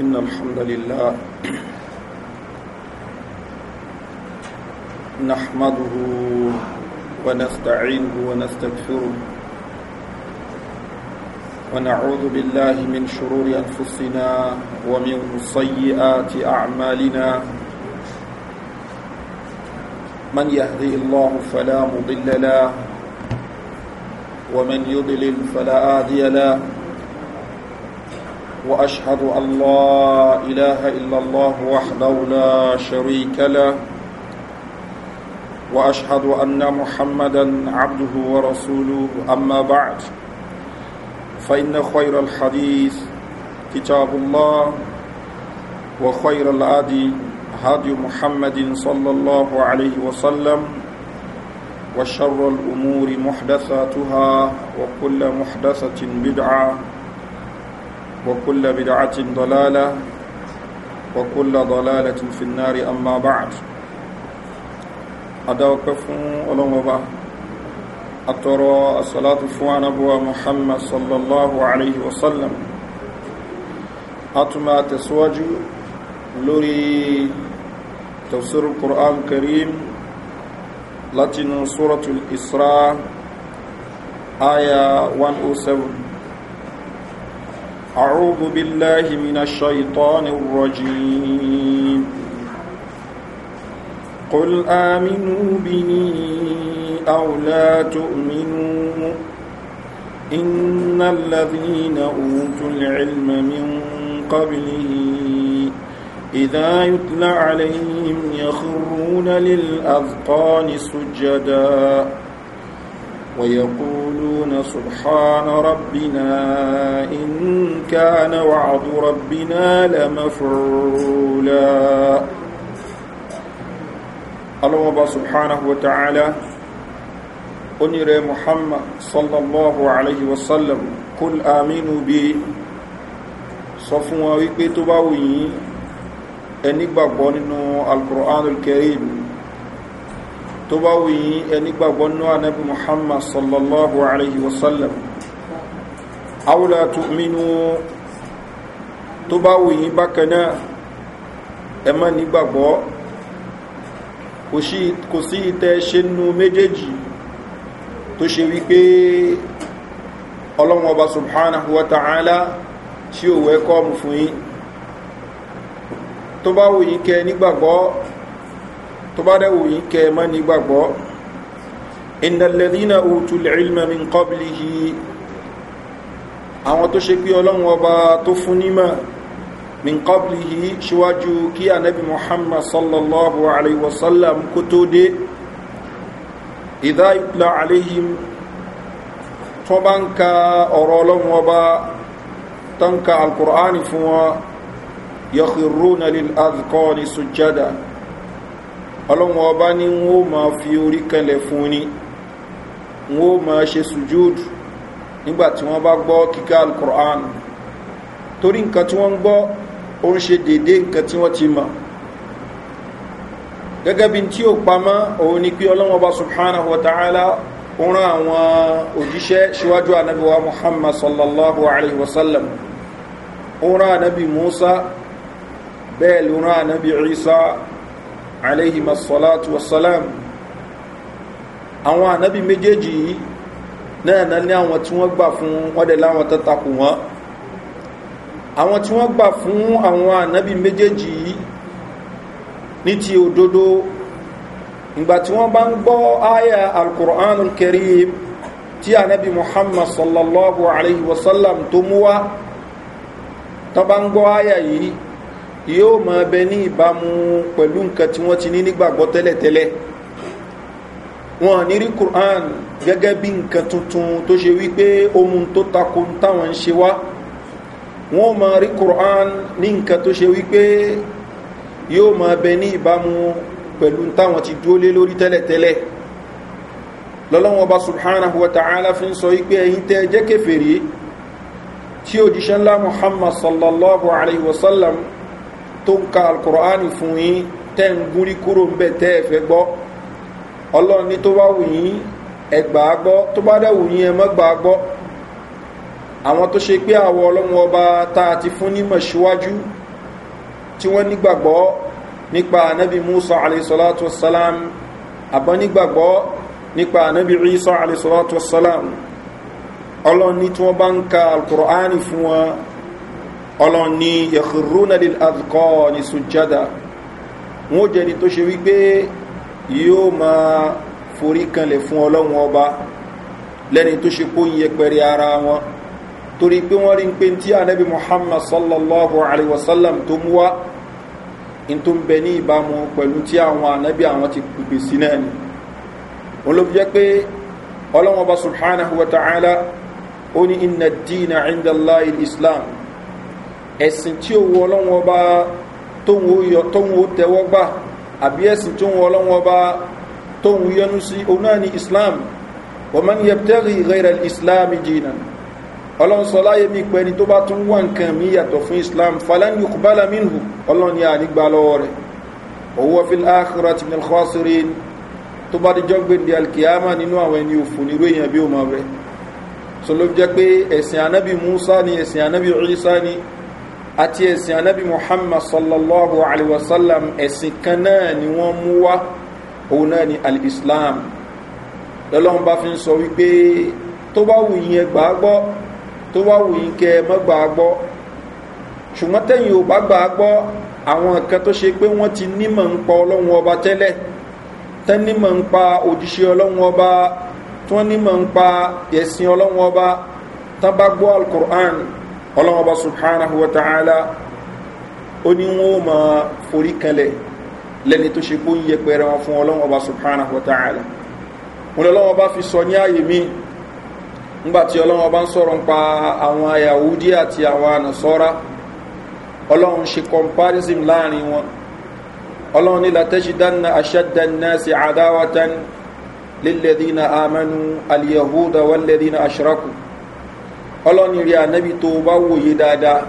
إن الحمد لله نحمده ونستعينه ونستغفره ونعوذ بالله من شرور أنفسنا ومن سيئات أعمالنا من يهدي الله فلا مضل له ومن يضلل فلا هادي له وأشهد أن لا إله إلا الله وحده لا شريك له وأشهد أن محمدا عبده ورسوله أما بعد فإن خير الحديث كتاب الله وخير الأدي هدي محمد صلى الله عليه وسلم وشر الأمور محدثاتها وكل محدثة بدعة وكل بدعة ضلالة وكل ضلالة في النار أما بعد أدوكف ألومبا أترى الصلاة فوان أبو محمد صلى الله عليه وسلم أتما تسواج لوري تفسير القرآن الكريم لاتن سورة الإسراء آية 107 أعوذ بالله من الشيطان الرجيم قل آمنوا به أو لا تؤمنوا إن الذين أوتوا العلم من قبله إذا يتلى عليهم يخرون للأذقان سجدا ويقول يقولون سبحان ربنا إن كان وعد ربنا لمفعولا الله سبحانه وتعالى أنير محمد صلى الله عليه وسلم كل آمين بي صفوا ويكتبوا أني بقبوني القرآن الكريم tó bá wù yí ẹni gbàgbọ́ náà nabi muhammad sallallahu alayhi wa sallam awla tu'minu tó bá wù yí bákan náà ẹ má nígbàgbọ́ kò sí ìtẹ́ ṣe nú méjèèjì tó ṣe wípé ọlọ́run subhanahu wa ta'ala tí ò wẹ́kọ́ mú fún yí tó bá wù yí kẹ nígbàgbọ́ tó bá dẹ̀wò yìí kẹ mọ́ ní gbàgbọ́ ìnàlẹ́dínà òtún ìlmẹ̀ mi kọ́bìlì yìí àwọn tó ṣe pé ọlọ́run ọba tó fún nímọ̀ mi kọ́bìlì yìí ṣíwájú kí anabi muhammad sallallahu alayhi wa sallam kó tó dé ìdá ìpìlà alayhim tó bá ọlọ́run ọba tó ń fún wọn yọ̀kìrúnà lil azkọ́ sujada ọlọ́run ọba ní wọ́n ó máa fi orí kanlẹ̀ fún ni wọ́n ó máa ṣe sùjúdù nígbà tí wọ́n bá gbọ́ kíkà alukur'an torí nǹkan tí wọ́n ń gbọ́ ó ń ṣe déédéé nǹkan tí wọ́n ti mọ̀ gẹ́gẹ́ bí tí ó pamọ́ òun ni pé ọlọ́run ọba subhanahu wa àwọn òjíṣẹ́ síwájú anabiwa muhammad sallallahu alayhi wa sallam anabi musa bẹ́ẹ̀ ló anabi isa aléhìmọ̀ sọ́látù wasalam àwọn ànábì méjèèjì yìí náà náà ní àwọn tí wọ́n gbà fún wọ́n dẹ̀ láwọn tẹ́takù wọn àwọn tí wọ́n gbà fún àwọn ànábì méjèèjì yìí ní ti òdodo ìgbà tí wọ́n bá ń gbọ́ ayà alkùránù kẹrìm tí ànábì muhammad sallallahu alaihi wasallam tó mú wá tọ́ bá ń gbọ́ ayà yìí yóò máa bẹ ní ìbámu pẹ̀lú nǹkan tí wọ́n ti ní nígbàgbọ́ tẹ́lẹ̀tẹ́lẹ̀ wọn ní rí quran gẹ́gẹ́ bí nǹkan tuntun tó ṣe wípé ohun tó takò táwọn ń ṣe wá wọn máa rí quran ní nǹkan tó ṣe wípé yóò máa bẹ ní ìbámu pẹ̀lú táwọn ti dúó lé lórí tẹ́lẹ̀tẹ́lẹ̀ lọ́lọ́wọ́n ọba subhanahu wa ta'ala fi ń sọ wípé ẹ̀yin tẹ́ jẹ́ kẹfẹ́rì tí òjíṣẹ́ ńlá muhammad sallallahu alaihi wasallam sallam tó ń ka alukur'ani fún yín tẹ́ ń gúnrí kúrò ń bẹ̀ tẹ́ ẹ fẹ́ gbọ́ ọlọ́run ní tó bá wù yín ẹ gbà á gbọ́ tó bá dẹ̀ wù yín ẹ mọ́ gbà á gbọ́ àwọn tó ṣe pé àwọn ọlọ́run ọba tá a ti fún nímọ̀ síwájú tí wọ́n nígbàgbọ́ nípa anabi musa alayhisalatu wasalam àbọ̀ nígbàgbọ́ nípa anabi isa alayhisalatu wasalam ọlọ́run ní tí wọ́n bá ń ka alukur'ani fún wọn ọlọ́run ní yẹ̀kùrúnàlì àdùkọ́ ní sùjádà wọ́n jẹ́ ni tó ṣe wípé yóò máa forí kanlẹ̀ fún ọlọ́run ọba lẹ́ni tó ṣe kó yẹ pẹ̀rẹ̀ ara wọn torí pé wọ́n rí pé tí anabi muhammad sallallahu alaihi wasallam tó mú wá in tó ń bẹ ní ìbámu pẹ̀lú tí àwọn anabi àwọn ti pèpè sí náà ni wọ́n ló fi jẹ́ pé ọlọ́run ọba subhanahu wa ta'ala ó ní inna dina inda allah islam ẹ̀sìn tí ó wu ọlọ́wọ́n ọba tóhun ó tẹ́wọ́ gbà àbí ẹ̀sìn tó wu ọlọ́wọ́n ọba tóhun yẹnu sí òun náà ni islam wọ́n mọ́ ní yẹpẹ́rì rẹ̀rẹ̀ islam jìnnà ọlọ́run sọ láyé mi pé ẹni tó bá tún wà nǹkan mi yàtọ̀ fún islam falani kubala minhu ọlọ́run ni ànígbà lọ́wọ́ rẹ̀ owó fi áàkìrà tí nílùú kọ́sìrì tó bá di jọ́gbìndì alkiyama nínú àwọn ẹni òfin irú èèyàn bí ó máa rẹ̀ sọ jẹ́ pé ẹ̀sìn anábì musa ni ẹ̀sìn anábì isa ni àti ẹ̀sìn anábì muhammad sallallahu alaihi wasallam ẹ̀sìn kan náà ni wọ́n mú wá òun náà ni al-islam lọ́lọ́run bá fi ń sọ wípé tó bá wù yín ẹgbà gbọ́ tó bá wù yín kẹ mọ́gbà gbọ́ ṣùgbọ́n tẹ́yìn ò bá gbà gbọ́ àwọn nǹkan tó ṣe pé wọ́n ti nímọ̀ ń pa ọlọ́run ọba tẹ́lẹ̀ tán ń pa òjíṣẹ́ ọlọ́run ọba tí wọ́n nímọ̀ ń pa ẹ̀sìn ọlọ́run ọba tán bá gbọ́ alukur'an ọlọ́wọ́ba subhanahu wa ta'ala ó ní wọ́n ma forí kalẹ̀ lẹ́ni tó ṣe kó ń yẹ pẹ̀rẹ̀ wọn fún ọlọ́wọ́ba subhanahu wa ta'ala wọn lọ́wọ́ba fi sọ ní ààyè mi ngbàtí ọlọ́wọ́ba ń sọ̀rọ̀ pa àwọn yahudi àti àwọn nasọ́ra ọlọ́run ṣe comparison láàrin wọn ọlọ́run ní latẹ́ṣidánná aṣẹ́dánnáṣe àdáwátán lílẹ̀dínà àmẹ́nu aliyahuda wọ́n lẹ́dínà aṣírakù ọlọ́nìrí ànábì tó bá wòye dáadáa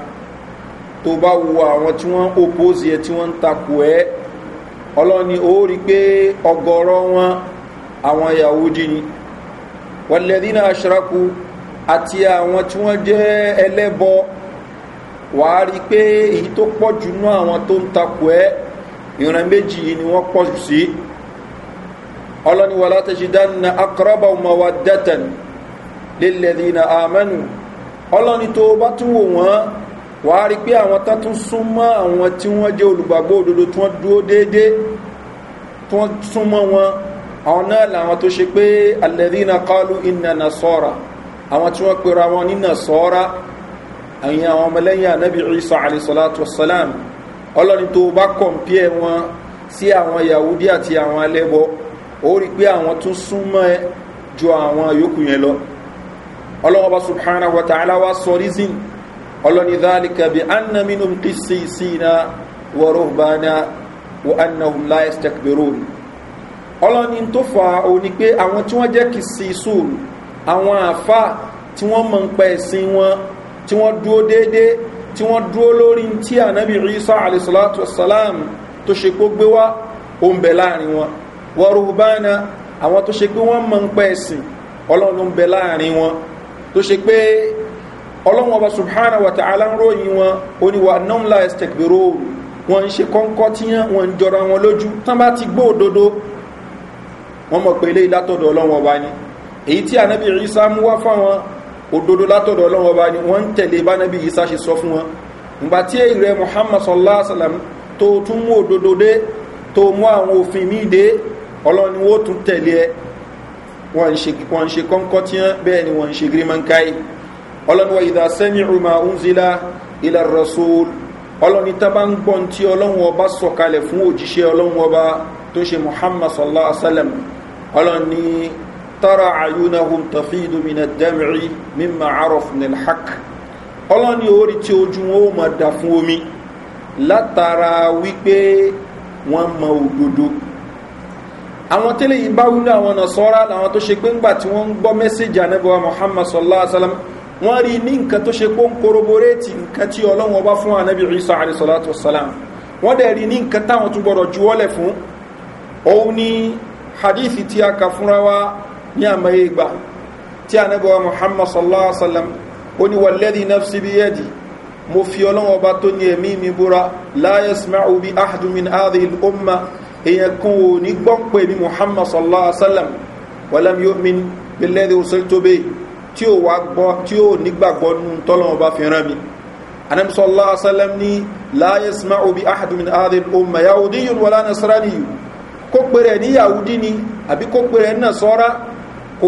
tó bá wo àwọn tí wọ́n oppose ẹ tí wọ́n ń takò ẹ́ ọlọ́ni ó rí pé ọgọ́rọ́ wọn àwọn yahudi ni wàlẹ́dínà aṣọ́rakú àti àwọn tí wọ́n jẹ́ ẹlẹ́bọ wà á rí pé èyí tó pọ̀ jù nú àwọn tó ń takò ẹ́ ìran méjì yìí ni wọ́n pọ̀ jù sí ọlọ́ni wàlátẹ̀ṣidánà akọ́rọ́bà ọmọ wa dẹ́tẹ̀n lẹ́lẹ́dínà àmẹ́nu ọlọ́ni tó bá tún wò wọ́n wà á rí pé àwọn tán tún súnmọ́ àwọn tí wọ́n jẹ́ olùgbàgbọ́ òdodo tí wọ́n dúró déédé tí wọ́n súnmọ́ wọn àwọn náà làwọn tó ṣe pé alẹ́dínà kálú ìnana sọ́ra àwọn tí wọ́n pera wọn nínà sọ́ra àyìn àwọn ọmọlẹ́yìn anábì isa alayhisalatu wasalam ọlọ́ni tó bá kọ̀m̀pìẹ̀ wọn sí àwọn yahudi àti àwọn alẹ́bọ ó rí pé àwọn tún súnmọ́ ju àwọn yòókù yẹn lọ ọlọ́wọ́ba subhanahu wa ta'ala wa sọ rizin ọlọ́ni dhalika bi anna minum qissisina wa ruhbana wa annahum la yastakbirun ọlọ́ni tó fa o ni pé àwọn tí wọ́n jẹ́ qissisun àwọn àfa tí wọ́n mọ̀ ń pa ẹ̀sìn wọn tí wọ́n dúó déédéé tí wọ́n dúó lórí tí ànábì Isa alayhi salatu tó ṣe kó gbé wá oúnbẹ̀ láàrin wọn wa ruhbana àwọn tó ṣe pé wọ́n mọ̀ ń pa ẹ̀sìn ọlọ́run ń láàrin wọn tó ṣe pé ọlọ́wọ́n ọba subhana wa ta'ala ń ròyìn wọn ó ní wa náà la estekbero wọn ń ṣe kọ́ńkọ́ tí wọn ń jọra wọn lójú tán bá ti gbó òdodo wọn mọ̀ pé ilé látọ̀dọ̀ ọlọ́wọ́n ọba ni èyí tí ànábì ìsá mú wá fáwọn òdodo látọ̀dọ̀ ọlọ́wọ́n ọba ni wọ́n ń tẹ̀lé bánábì ìsá ṣe sọ fún wọn ìgbà tí ìrẹ́ muhammad sallallahu alaihi wasallam tó tún mú òdodo dé tó mú àwọn òfin míì dé ọlọ́ni wó tún tẹ̀lé ẹ wọ́n ń ṣe kọ́ńkọ́ tí wọ́n bẹ́ẹ̀ ni wọ́n ń ṣe gírímọ̀nkáì ọlọ́niwọ̀ ìdá sẹ́mi ruma unzila ilẹ̀ rasul ọlọ́ni tábà ń gbọ́n tí ọlọ́run ọba sọ̀kalẹ̀ fún òjíṣẹ́ ọlọ́run ọba tó ṣe muhammad sallallahu alaihi wasallam ọlọ́ni àwọn tẹ́lẹ̀ yìí bá wúlò àwọn nasọ́ra làwọn tó ṣe pé ńgbà tí wọ́n ń gbọ́ mẹ́sẹ̀jì anábọ̀wá muhammad sallallahu alayhi wa sallam wọ́n rí ní nǹkan tó ṣe pé ń koroboréètì nǹkan tí ọlọ́run ọba fún anábì isa alayhi salatu wa salam wọ́n dẹ̀ rí ní nǹkan táwọn tún gbọ́dọ̀ juwọ́lẹ̀ fún òun ni hadithi tí a kà fúnra wa ní àmàyé gbà tí anábọ̀wá muhammad sallallahu alayhi wa sallam ó ní wàlẹ́dì nafsi bí yẹ́dì mo fi ọlọ́run ọba tó ní ẹ̀mí mi búra láyé smaru bí ahdumin adil umma èèyàn kan ò ní gbọ́n pé ní muhammad sallallahu alaihi wasallam wàlám yóò mi lẹ́dẹ̀ òṣèlú tó bẹ́ẹ̀ tí ó wà gbọ́ tí ó nígbàgbọ́ nù tọ́lọ́wọ́ bá fi rán mi anam kò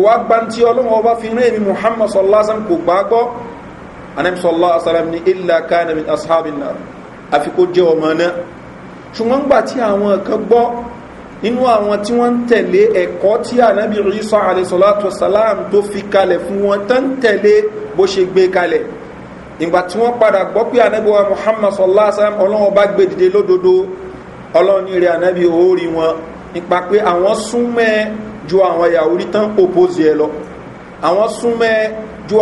wá gbà ọlọ́wọ́ bá fi rán mi muhammad sallallahu kò gbàgbọ́ anam sallallahu alaihi wasallam ni illa kana min ashabin nar kó jẹ́ ọmọ náà ṣùgbọ́n gbà tí àwọn kan gbọ́ nínú àwọn tí wọ́n ń tẹ̀lé ẹ̀kọ́ tí ànábì rísọ́ alẹ́sọ̀látọ̀ sàlám tó fi kalẹ̀ fún wọn tó ń tẹ̀lé bó ṣe gbé kalẹ̀ ìgbà tí wọ́n padà gbọ́ pé ànábì wa muhammad sọ̀lá sàm ọlọ́wọ́n bá gbé dìde lódodo ọlọ́ni rẹ̀ ànábì orí wọn nípa pé àwọn súnmẹ́ ju àwọn yahudi tán òpózi ẹ lọ àwọn súnmẹ́ ju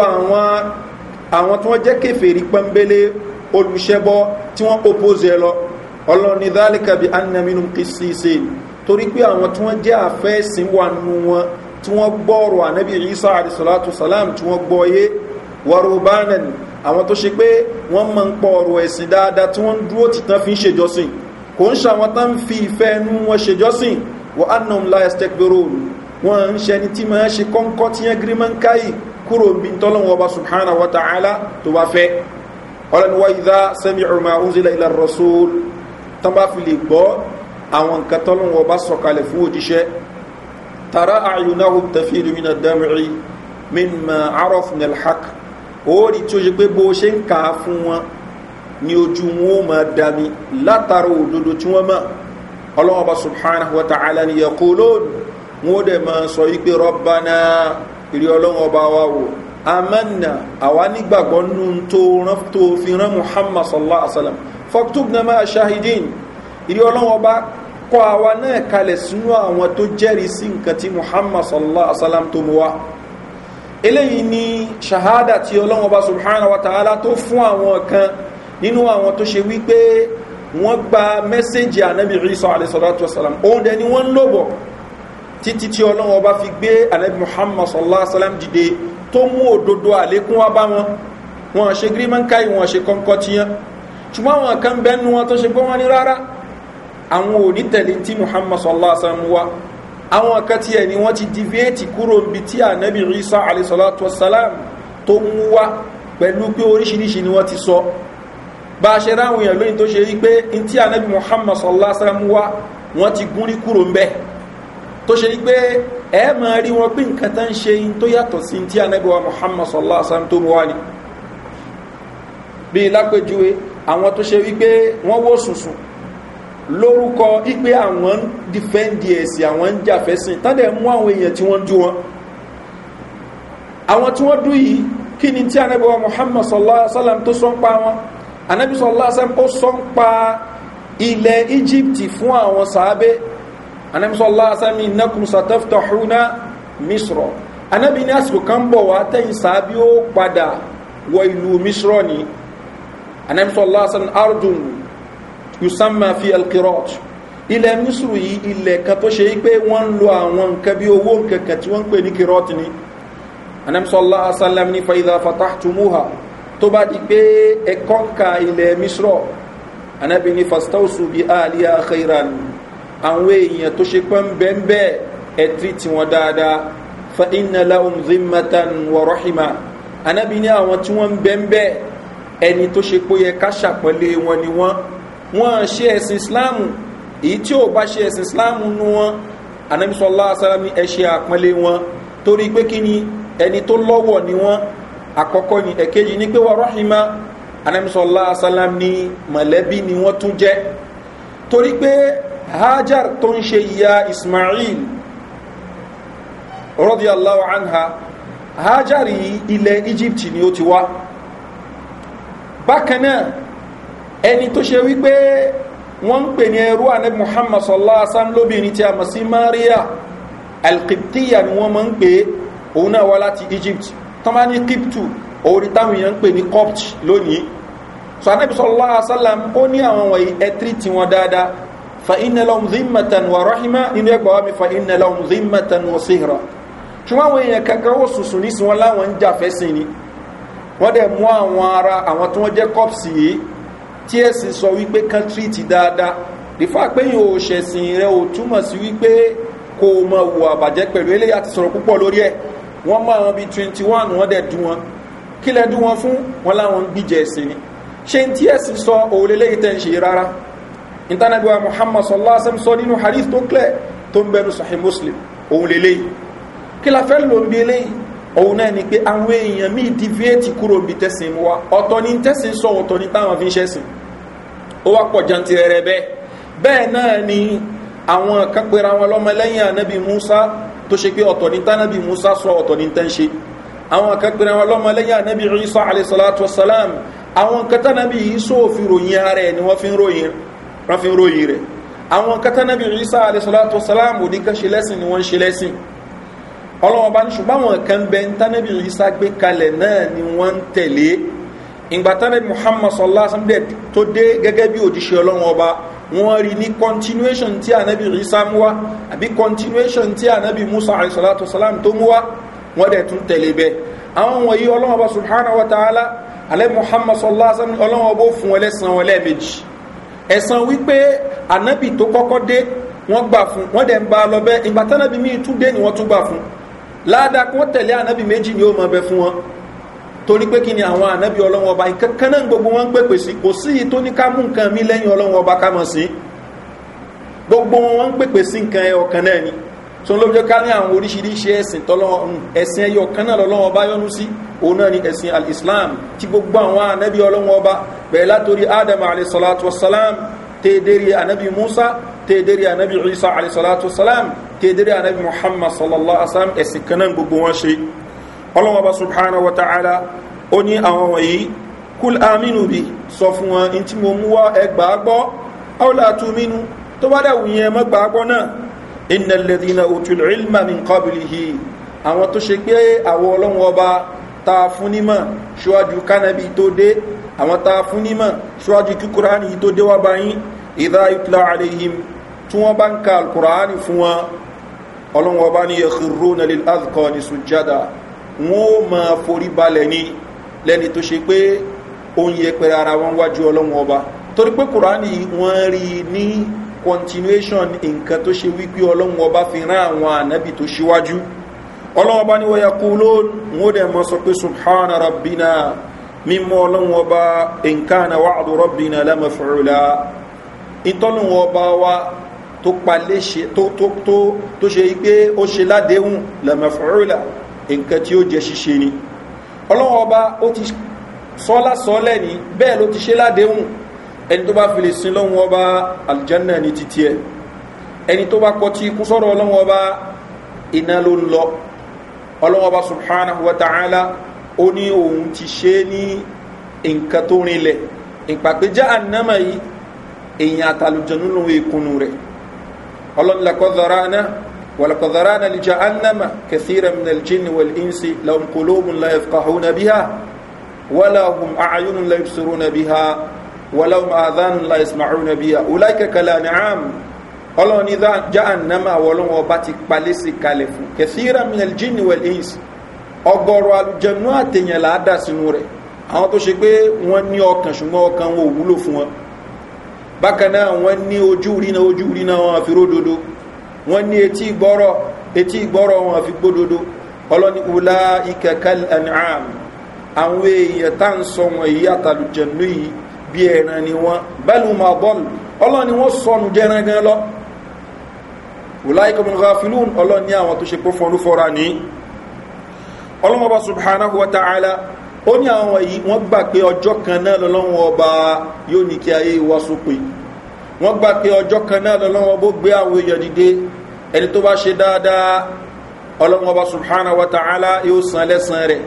tí wọ́n jẹ́ kẹfẹ́rí lọ ọlọ́ni dálíkà bí annamínú kìsìsì torí pé àwọn tí wọ́n jẹ́ àfẹ́ẹ̀sìn wà nù wọn tí wọ́n gbọ́ọ̀rọ̀ ànábì isa àdìsọ́látù salam tí wọ́n gbọ́ọ̀yé warubanan àwọn tó ṣe pé wọ́n mọ̀ ń pọ̀ ọ̀rọ̀ ẹ̀sìn dáadáa tí wọ́n dúró títán fi ń ṣèjọsìn kò ń ṣàwọn tán fi ìfẹ́ ẹnu wọn ṣèjọsìn wọ́n annam la estekberon wọ́n ń ṣẹni tí máa ṣe kọ́ńkọ́ tí yẹn gírí máa ń káyì kúrò bí tọ́lọ́wọ́ ọba subhanahu wa ta'ala tó bá fẹ́ ọlọ́ni wa ìdá sẹ́mi ọmọ àrùn ilẹ̀ rasul tán bá fi lè gbọ́ àwọn nǹkan tọ́lọ́wọ́ bá sọ̀kalẹ̀ fún òjíṣẹ́ tara àyùnáhùn tafiru mina dámìrì mímọ̀ arof nelhak orí tí ó ṣe pé bó ṣe ń kà á fún wọn ni ojú wọn ó máa dami látara òdodo tí wọ́n mọ̀ ọlọ́wọ́ bá subhanahu wa ta'ala ni yẹ̀kọ́ lónìí wọn ó dẹ̀ máa sọ yí pé rọ́bánà ìrí ọlọ́wọ́ bá wà wò amanna àwa nígbàgbọ́ nù tó fi rán muhammad sallallahu alaihi wa sallam faktubna ma shahidin ìrí ọlọ́wọ́ bá kọ́ àwa náà kalẹ̀ sínú àwọn tó jẹ́rìí sí nǹkan tí muhammad sallallahu alaihi wasallam tó mú wa eléyìí ni shahada tí ọlọ́wọ́ bá subhanahu wa ta'ala tó fún àwọn kan nínú àwọn tó ṣe wípé wọ́n gba mẹ́sẹ̀jì ànábì isa alaihi salatu wasallam òun dẹ̀ wọ́n ń títí tí ọlọ́wọ́ bá fi gbé ànábì muhammad sallallahu alaihi wasallam dìde tó mú òdodo àlékún wá bá wọn wọn ṣe gírímọ̀ ń káyì wọn ṣe tiyan ṣùgbọ́n àwọn kan bẹnu wọn tó ṣe pé wọ́n ní rárá àwọn òní tẹ̀lé tí muhammad sallallahu alaihi wasallam wa àwọn kan tiẹ̀ ni wọ́n ti diviate kúrò níbi tí ànábì isa alayhi salatu wasalam tó ń wá pẹ̀lú pé oríṣiríṣi ni wọ́n ti sọ bá a ṣe ráwọn èèyàn lóyìn tó ṣe rí pé in tí ànábì muhammad sallallahu alaihi wọ́n ti gún ní kúrò ń tó ṣe pé ẹ máa rí wọn pín nǹkan tán ṣe yí tó yàtọ̀ sí tí anábíwá muhammad sallallahu tó wá ní bí lápẹjúwe àwọn tó ṣe wípé wọ́n wó sùnsùn lórúkọ wípé àwọn ń dìfẹ́ǹdì ẹ̀sìn àwọn ń jàfẹ́sìn tọ́dẹ̀ mú àwọn èèyàn tí wọ́n dú wọn àwọn tí wọ́n dú yìí kí ni tí anábíwá muhammad sallallahu tó sọ ń pa wọn anábí sallallahu alaihi wasallam ó sọ ń pa ilẹ̀ egypt fún àwọn sàábé anábí sallallahu alaihi wasallam inakum sataftahuna misro anábí ní àsìkò kan bọ̀ wá tẹ́yìn sàábé ó padà wọ ìlú misro ni anabi sallallahu alaihi wasallam ardun yusamma fi alqirat ilẹ̀ misru yìí ilẹ̀ kan tó ṣe pé wọ́n ń lo àwọn nǹkan bí owó nǹkan kan tí wọ́n ń pè ní kirot ni anabi sallallahu alaihi wasallam ní fa idha fatahtumuha tó bá di pé ẹ̀kọ́ ka ilẹ̀ misru anabi ní fastausu bi aliya khairan àwọn èèyàn tó ṣe pẹ́ ń bẹ́ ń tí wọ́n dáadáa fa inna lahum zimmatan wa rahima anabi ní àwọn tí wọ́n ń bẹ́ ẹni tó ṣe pé yẹ ká ṣàpọ́nlé wọn ni wọ́n wọ́n ṣe ẹ̀sìn islamu èyí tí ò bá ṣe ẹ̀sìn islamu nu wọn anamisọ́lá asálami ẹ ṣe àpọ́nlé wọn torí pé kí ni ẹni tó lọ́wọ̀ ni wọ́n àkọ́kọ́ ni ẹ̀kejì ni pé wà rọ́hìmá anamisọ́lá asálami ni mọ̀lẹ́bí ni wọ́n tún jẹ́ torí pé hajar tó ń ṣe ìyá ismail rọ́díàláwà anha hajar yìí ilẹ̀ egypt ni ó ti wá bákan náà ẹni tó ṣe wípé wọ́n ń pè ní ẹrú anabi muhammad sallallahu alaihi wasallam lóbìnrin tí a mọ̀ sí maria alkiptiya ni wọ́n máa ń pè òun náà wá láti egypt tán bá ní kiptu orí táwọn èèyàn ń pè ní copt lónìí so anabi sallallahu alaihi wasallam ó ní àwọn wọ̀nyí ẹtírí tí wọ́n dáadáa fa inna lahum zimmatan wa rahima nínú ẹgbàá mi fa inna lahum zimmatan wa sihra ṣùgbọ́n àwọn èèyàn kankan ó sùsù ní sí láwọn ń jà fẹ́ sí ni wọ́n dẹ̀ mú àwọn ara àwọn tí wọ́n jẹ́ cops yìí tí ẹ̀sìn sọ wípé kán tírìtì dáadáa ìfà pé yìí ò ṣẹ̀sìn rẹ ò túmọ̀ sí wípé kò mọ òwò àbàjẹ́ pẹ̀lú eléyà ti sọ̀rọ̀ púpọ̀ lórí ẹ̀ wọ́n mọ àwọn twenty one wọ́n dẹ̀ dùn wọn kí lẹ dùn wọn fún wọn láwọn ń gbìjẹ ẹ̀sìn ni ṣe ń tí ẹ̀sìn sọ òwòlélẹ́yìí tẹ́ ń ṣe rárá ìtànàbíwá muhammad sallallahu alaihi wasallam sọ nínú hadith tó clear tó ń bẹnu sahih muslim òun lélẹ́yìí kí la fẹ́ lò ń bí eléyìí òun náà ni pé àwọn èèyàn míì deviate kúrò bí tẹ́sìn wa ọ̀tọ̀ ni tẹ́sìn sọ ọ̀tọ̀ ni táwọn fi ń ṣẹ́sìn ó wá pọ̀ jantirẹrẹ bẹ́ẹ̀ bẹ́ẹ̀ náà ni àwọn kan pera wọn lọ́mọlẹ́yìn ànábì musa tó ṣe pé ọ̀tọ̀ ni tánábì musa sọ ọ̀tọ̀ ni tẹ́ ń ṣe àwọn kan pera wọn lọ́mọlẹ́yìn ànábì isa alayhisalatu wasalam àwọn kan tánábì isa òfin ròyìn ara ẹ̀ ni wọ́n fi ń ròyìn rẹ̀ àwọn kan isa alayhisalatu wasalam òní ṣe lẹ́sìn ni wọ́n ṣe lẹ́sìn ọlọ́wọ́n bá ní ṣùgbọ́n àwọn kan bẹ ntánẹ́bì isa gbé kalẹ̀ náà ni wọ́n ń tẹ̀lé ìgbà tánẹ́bì muhammad sallallahu alaihi wasallam tó dé gẹ́gẹ́ bí òjíṣẹ́ ọlọ́wọ́n wọ́n rí ní continuation tí ànábì isa mú wá àbí continuation tí ànábì musa alayhisalatu salam tó mú wá wọ́n dẹ̀ tún tẹ̀lé bẹ́ẹ̀ àwọn wọ̀nyí ọlọ́wọ́n subhanahu wa ta'ala alẹ́ muhammad sallallahu alaihi wasallam ọlọ́wọ́n ọba ó fún wọn lẹ́sàn wọn lẹ́ẹ̀mejì ẹ̀sàn wípé ànábì tó kọ́kọ́ dé wọ́n gbà fún wọ́n dẹ̀ ń bá lọ bẹ́ẹ̀ ìgbà tánàbì míì tún dé ni wọ́n tún gbà fún ládàá kí wọ́n tẹ̀lé ànábì méjì ni ó mọ bẹ fún wọn torí pé kí ni àwọn ànábì ọlọ́wọ́n ọba kankan náà gbogbo wọn ń pèpè sí kò sí yìí tó ní ká mú nǹkan mi lẹ́yìn ọlọ́wọ́n ọba ká mọ̀ sí gbogbo wọn ń pèpè sí nǹkan ẹ ọ̀kan náà ni tó ń lóbi jẹ́ ká ní àwọn oríṣiríṣi ẹ̀sìn tọ́lọ́run mm, ẹ̀sìn ẹyọ kan náà lọ́wọ́ ọba yọ́nú sí òun náà ni ẹ̀sìn islam tí gbogbo àwọn ànábì ọlọ́wọ́ ọba bẹ̀rẹ̀ látòrí adam alayhisalatu wasalam tẹ́ẹ̀dẹ́rì ànábì kedere anabi muhammad sallallahu alaihi wa sallam ẹ̀sìn kan náà gbogbo wọn ṣe ọlọ́wọ́n bá subhanahu wa ta'ala ó ní àwọn wọ̀nyí kúl aminu bi sọ fún wọn in tí mo mú wá ẹgbà gbọ́ aula tuminu tó bá dà wùyẹn mọ́ gbà gbọ́ náà inna alladhina utul ilma min qablihi àwọn tó ṣe pé àwọn ọlọ́wọ́n ọba ta fún nímọ̀ ṣíwájú kánábì tó dé àwọn ta fún nímọ̀ ṣíwájú kíkúránì tó dé wá báyìí ìdá ìtìlá àlehim tí wọ́n bá ń ka alkùránì fún wọn ọlọ́wọ́ bá ní yakhiruna lil adhqani sujada wọ́n ó máa forí balẹ̀ ní lẹ́ni tó ṣe pé òun yẹpẹrẹ ara wọn wájú ọlọ́wọ́ ọba torí pé kùránì wọ́n rí ní continuation nǹkan tó ṣe wípé ọlọ́wọ́ ọba fi rán àwọn ànábì tó ṣíwájú ọlọ́wọ́ bá ní wọ́n yẹ kú lónìí wọ́n dẹ̀ mọ́ sọ pé tó palẹ̀ ṣe tó tó tó tó ṣe pé ó ṣe ládéhùn lẹ́mẹ̀fọ́rọ́là nǹkan tí ó jẹ ṣíṣe ni ọlọ́wọ́ ọba ó ti sọ́lá sọ́lẹ̀ ní bẹ́ẹ̀ ló ti ṣe ládéhùn ẹni tó bá fi lè sin lọ́wọ́ ọba aljanna ní titi ẹ ẹni tó bá kọ tí sọ́rọ̀ ọlọ́wọ́ ọba iná ló ń lọ ọlọ́wọ́ ọba subhanahu wa ta'ala ó ní òun ti ṣe ní nǹkan tó rinlẹ̀ ìpàpéjá ànámà yìí èèyàn àtàlùjọ nínú ìkùnú rẹ̀ ọlọ́ni lakọ́dọ̀ránà wàlakọ́dọ̀ránà lè jẹ́ annama kẹsìrẹ̀ mìnàljin wàlínsì lọ́nkọlóhùn láyẹ̀fkàhù nàbí ha wàláhùn àyùnún láyẹ̀fsọ̀rọ̀ nàbí ha wàláhùn àdánun láyẹ̀smàrún nàbí ha wùláìkẹ́ kàlà nìcám ọlọ́ni jẹ́ annama wọlọ́wọ́ bá ti palẹ́sì kalẹ̀ fún kẹsìrẹ̀ mìnàljin wàlínsì ọgọrọ alùjẹnú àtẹ̀yẹ̀lá dà sínú rẹ̀ àwọn tó ṣe pé wọ́n ní ọkàn ṣùgbọ́n ọkàn wọn ò wúlò fún wọn bákan náà wọ́n ní ojú rína ojú rína wọn fi ródodo wọ́n ní etí gbọ́rọ̀ etí gbọ́rọ̀ wọn fi gbódodo ọlọ́ni ula ikẹ̀kẹ́ an'am àwọn èèyàn tá ń sọ wọn èyí àtàlùjẹ̀nú yìí bí ẹ̀ràn ni wọ́n bẹ́lú ma bọ́ọ̀lù ọlọ́ni wọ́n sọnù jẹ́ran lọ ula ikẹ̀kẹ́ gafilun ọlọ́ni àwọn tó ṣe pé fọnú ní ọlọ́mọba subhanahu wa ta'ala ó ní àwọn yìí wọ́n gbà pé ọjọ́ kan náà lọ́lọ́wọ́ ọba yóò ní kí ayé wa sópin wọ́n gbà pé ọjọ́ kan náà lọ́lọ́wọ́ bó gbé àwọn èèyàn dìde ẹni tó bá ṣe dáadáa ọlọ́wọ́ ọba subhanahu wa ta'ala yóò san lẹ́sàn rẹ̀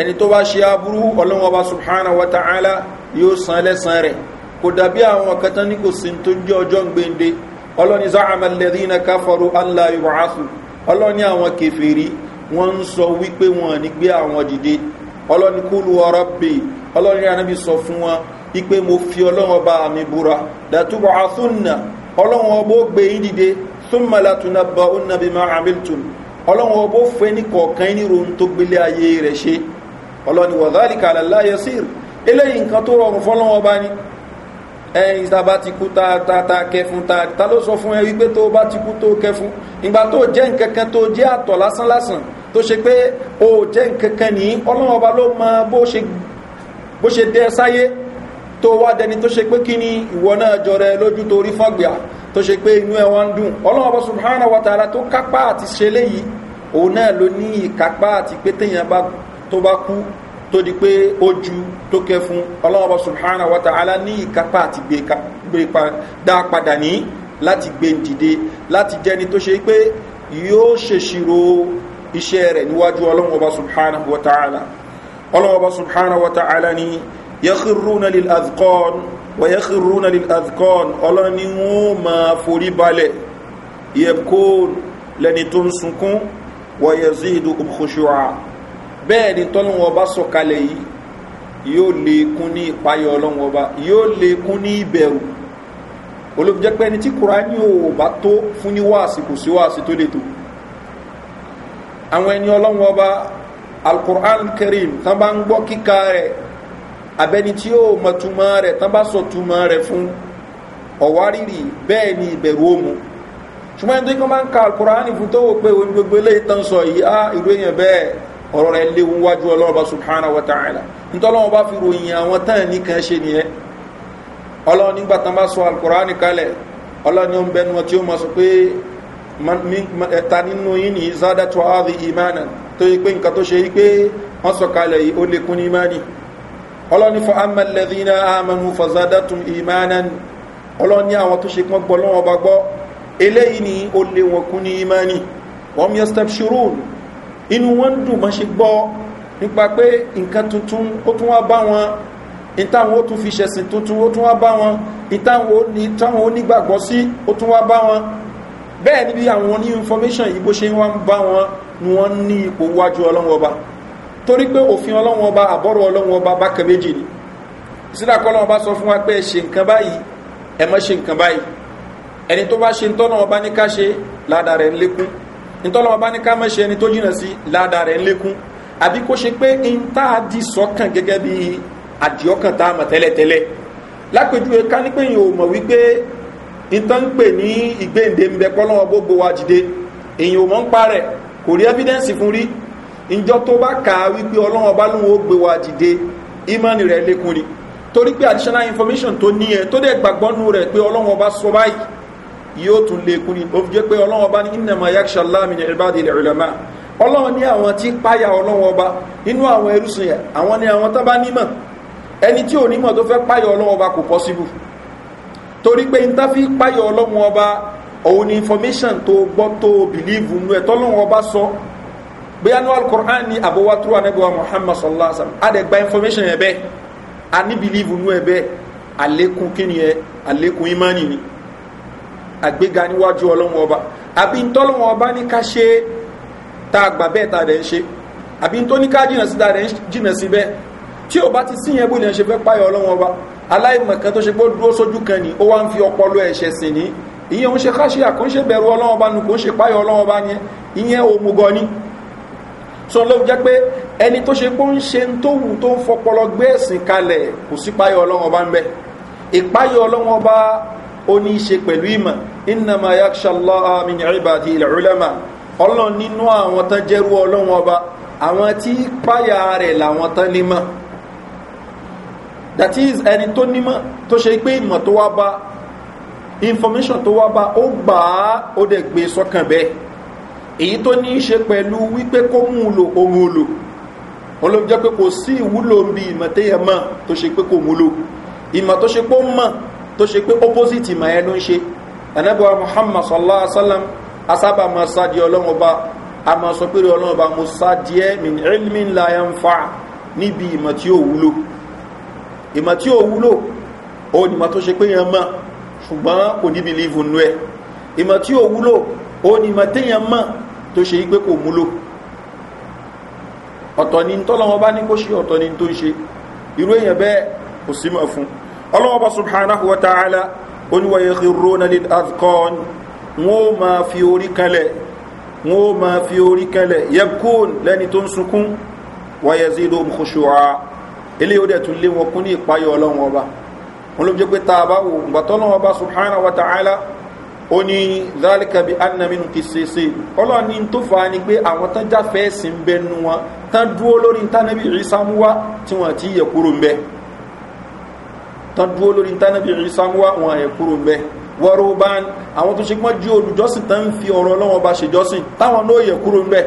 ẹni tó bá ṣe aburú ọlọ́wọ́ ọba subhanahu wa ta'ala yóò san lẹ́sàn rẹ̀ kò dàbí àwọn ní kò tó jẹ́ ọjọ́ gbende ọlọ́ni wọ́n ń wọn ní gbé àwọn dìde ọlọ́ni kúlù ọ̀rọ̀ bè ọlọ́ni anábì sọ fún wọn ipe mo fi ọlọ́wọ́n bá mi búra dàtúbọ̀ àsúnà ọlọ́wọ́n ọbọ̀ gbé yín dìde súnmọ́lá túnabà ọ̀nàbí máa hamilton ọlọ́wọ́n ọbọ̀ fẹ́ ní kọ̀ọ̀kan yín nírò tó gbélé ayé rẹ̀ ṣe ọlọ́ni wàdálì kàlàlá yasir eléyìí nǹkan tó rọrùn fọlọ́wọ́n bá ní ẹ̀yìn ìsàbá ti kú tààtà kẹfún tààtà ló sọ fún ẹ wípé tó bá ti kú tó kẹfún ìgbà tó jẹ́ nǹkankan tó jẹ́ àtọ̀ lásán lásán tó ṣe pé o jẹ́ nkankan ní ọlọ́wọ́ba ló mọ bó ṣe dẹ sáyé tó wá dẹni tó ṣe pé kí ni ìwọ náà jọrẹ lójú torí fọ́gbìá tó ṣe pé inú ẹwọ́n ń dùn subhana wa ta'ala tó kápá àti ṣe léyìí òun náà ló ní ìkápá àti pé téèyàn tó bá kú tó di pé oju to tó kẹ fún ọba subhana wa ta'ala ní ìkápá àti gbé dá padà ní láti gbé dìde láti jẹni tó ṣe pé yóò ṣèṣirò iṣẹ́ rẹ̀ níwájú ọlọ́run ọba subhanahu wa ta'ala ọlọ́run ọba subhanahu wa ta'ala ni yakhiruna lil azkon wa yakhiruna lil azkon ọlọ́run ni wọ́n máa forí balẹ̀ yẹ̀kún lẹni tó ń sunkún wa yazidu khushu'a bẹ́ẹ̀ ni tọ́lọ́run sọ̀kalẹ̀ yìí yóò lè kún ní ìpayọ̀ ọlọ́run yóò lè kún ní ìbẹ̀rù olóòjẹ́ tí kùrá ní òòbá tó fún ní wáàsì kò sí wáàsì tó lè tó awon eni ọlọ́run ọba alkur'an kareem tán bá ń gbọ́ kíka rẹ̀ abẹni tí yóò mọ túmọ̀ rẹ̀ tán bá sọ túmọ̀ rẹ̀ fún ọ̀wárìrì bẹ́ẹ̀ ni ìbẹ̀rù òmu ṣùgbọ́n ẹni tó kọ́ máa ń ka alukur'an fún tó wò pé òun gbogbo eléyìí tán sọ yìí á ah, ìlú èèyàn bẹ́ẹ̀ ọ̀rọ̀ rẹ̀ léwu wájú ọlọ́run fi ni Eh, ta nínú yín ní zádàtú ààrẹ ìmánà tó yí pé nǹkan tó ṣe yí pé wọ́n sọ̀kalẹ̀ yìí ó lékún ní ìmánì ọlọ́ni fọ amẹ́lẹ́dínà àmọ́nù fọ̀zádàtú ìmánà ọlọ́ni àwọn tó ṣe pọ́n gbọ́ lọ́wọ́ bá gbọ́ eléyìí ni ó lé wọn kún ní ìmánì wọ́n mi step shurun inú wọn dùn mọ́ ṣe gbọ́ nípa bẹ́ẹ̀ níbi àwọn ní information yìí bó ṣe wá ń bá wọn ni wọ́n ní ipò wájú ọlọ́wọ́ ọba torí pé òfin ọlọ́wọ́ ọba àbọ̀rọ̀ ọlọ́wọ́ ọba bákan méjì ni sídàkọ́ ọlọ́wọ́ ọba sọ fún wa pé ṣe nǹkan báyìí ẹ mọ́ ṣe nǹkan báyìí ẹni tó bá ṣe ń tọ́nà ọba ní ká ṣe ládàá rẹ̀ ń lékún ń tọ́nà ọba ní ká mọ́ ẹni tó jìnà sí ládàá rẹ̀ ń lékún àbí kó ṣe pé ń tá a di sọ́kàn gẹ́gẹ́ bí àdìọ́kàn tá a mọ̀ tẹ́lẹ̀tẹ́lẹ̀ lápèjúwe ká ní pé yìí ò mọ̀ wípé ìtàn pè ní ìgbéǹde ń bẹ pọ́lọ́wọ́ gbogbo wa jìde èyàn ò mọ́ ń parẹ̀ kò rí ẹ́fídẹ́ǹsì fún rí ìjọ tó bá kà á wípé ọlọ́wọ́ bá lóun ó gbé wa jìde ìmọ̀nì rẹ̀ lékun ni torí pé additional information tó ní ẹ tó dẹ̀ gbàgbọ́nú rẹ̀ pé ọlọ́wọ́ bá sọ báyìí yóò tún lékun ni ó fi jẹ́ pé ọlọ́wọ́ bá ní ìnàmà yakṣà láàmì ní ìbáde ilẹ̀ ìlẹ̀mà ọlọ́wọ́ ní àwọn tí páyà ọlọ́wọ́ bá nínú àwọn ẹrúsìn àwọn ni àwọn tó bá nímọ̀ ẹni tí ò nímọ̀ tó fẹ́ páyà ọlọ́wọ́ bá kò pọ́síbù torí pé n tán fi páyọ̀ ọlọ́run ọba òun ni information tó gbọ́ tó bìlíìfù nú ẹ̀ tọ́lọ́run ọba sọ bí anú alukur'an ni àbọ̀wátúrò anábíwá muhammad sallallahu alaihi wa sallam adẹ̀gba information ẹ̀ bẹ́ẹ̀ a ní bìlíìfù nú ẹ̀ bẹ́ẹ̀ àlékún kíni ẹ̀ àlékún imani ni àgbéga níwájú ọlọ́run ọba àbí n tọ́lọ́run ọba ní ká ṣe tá a gbà bẹ́ẹ̀ tá a dẹ̀ ń ṣe àbí n tó ní ká jìnà sí tá a dẹ̀ ń jìnà sí bẹ́ẹ̀ tí ò bá ti síyẹn bó ilẹ̀ ṣe fẹ́ páyọ̀ ọlọ́run ọba aláìmọ̀kan tó ṣe pé dúró sójú kan ni ó wá ń fi ọpọlọ ẹ̀ṣẹ̀ sìn ní ìyẹn ń ṣe káṣíà kò ń ṣe bẹ̀rù ọlọ́wọ́ bá nu kò ń ṣe páyọ ọlọ́wọ́ bá yẹn ìyẹn òmùgọ̀ ni sọ ló jẹ́ pé ẹni tó ṣe pé ń ṣe tó wù tó ń fọpọlọ gbé ẹ̀sìn kalẹ̀ kò sí páyọ ọlọ́wọ́ ń bẹ ìpáyọ ọlọ́wọ́ ó ní í ṣe pẹ̀lú ìmọ̀ innama yakshallá that is ẹni tó nímọ̀ tó ṣe pé ìmọ̀ tó wá bá information tó wá bá ó gbà á ó dẹ̀ gbé sọ́kàn bẹ́ẹ̀ èyí tó ní í ṣe pẹ̀lú wípé kó mú un lò ohun olò wọn ló jẹ́ pé kò sí ìwúlò ń ìmọ̀ téyẹ mọ̀ tó ṣe pé kò múlò ìmọ̀ tó ṣe pé ó mọ̀ tó ṣe pé opposite ìmọ̀ ẹ ń ṣe anabiwa muhammad sallallahu alaihi wa sallam asábà máa sáàdì ọlọ́run ọba a máa sọ pé ọlọ́run ọba mo sáàdì ẹ́ min ilmin la yanfa níbi ìmọ̀ tí ó wúlò ìmọ̀ tí ó wúlò ó nìmọ̀ tó ṣe pé yẹn mọ̀ ṣùgbọ́n kò níbi lífù nú ẹ̀ ìmọ̀ tí ó wúlò ó nìmọ̀ téyàn mọ̀ tó ṣe igbé kò múlò ọ̀tọ̀ ni tọ́lọ́wọ́ bá ní kó ṣe ọ̀tọ̀ ni tó ṣe irú èyàn bẹ́ẹ̀ kò sí mọ̀ fún ọlọ́wọ́ subhanahu wa ta'ala oníwàyẹ̀ rona lil adcon wọ́n ma fi orí kalẹ̀ wọ́n ma fi orí kalẹ̀ yẹ́kún lẹ́ni tó ń sunkún wàyẹ̀ zílò mkhushua eléyìí ó dẹ̀ tún lé wọn kún ní ìpayọ̀ ọlọ́run ọba wọn ló jẹ́ pé tá a bá wò ǹgbà tọ́lọ́run ọba subhana wa ta'ala ó ní zálìkàbí anamínú kì í ṣe ṣe ọlọ́run ní tó fa ni pé àwọn tán jáfẹ́ sí ń bẹ nu wọn tán dúró lórí ntánẹ́bí ìrísàmúwá tí wọ́n ti yẹ kúrò ń bẹ tán dúró lórí ntánẹ́bí ìrísàmúwá wọn yẹ kúrò ń bẹ wọ́rọ̀ bá àwọn tó ṣe pọ́n jí olùjọ́sìn tán ń fi ọ̀rọ̀ ọlọ́wọ́n bá ṣèjọ́sìn táwọn náà yẹ kúrò ń bẹ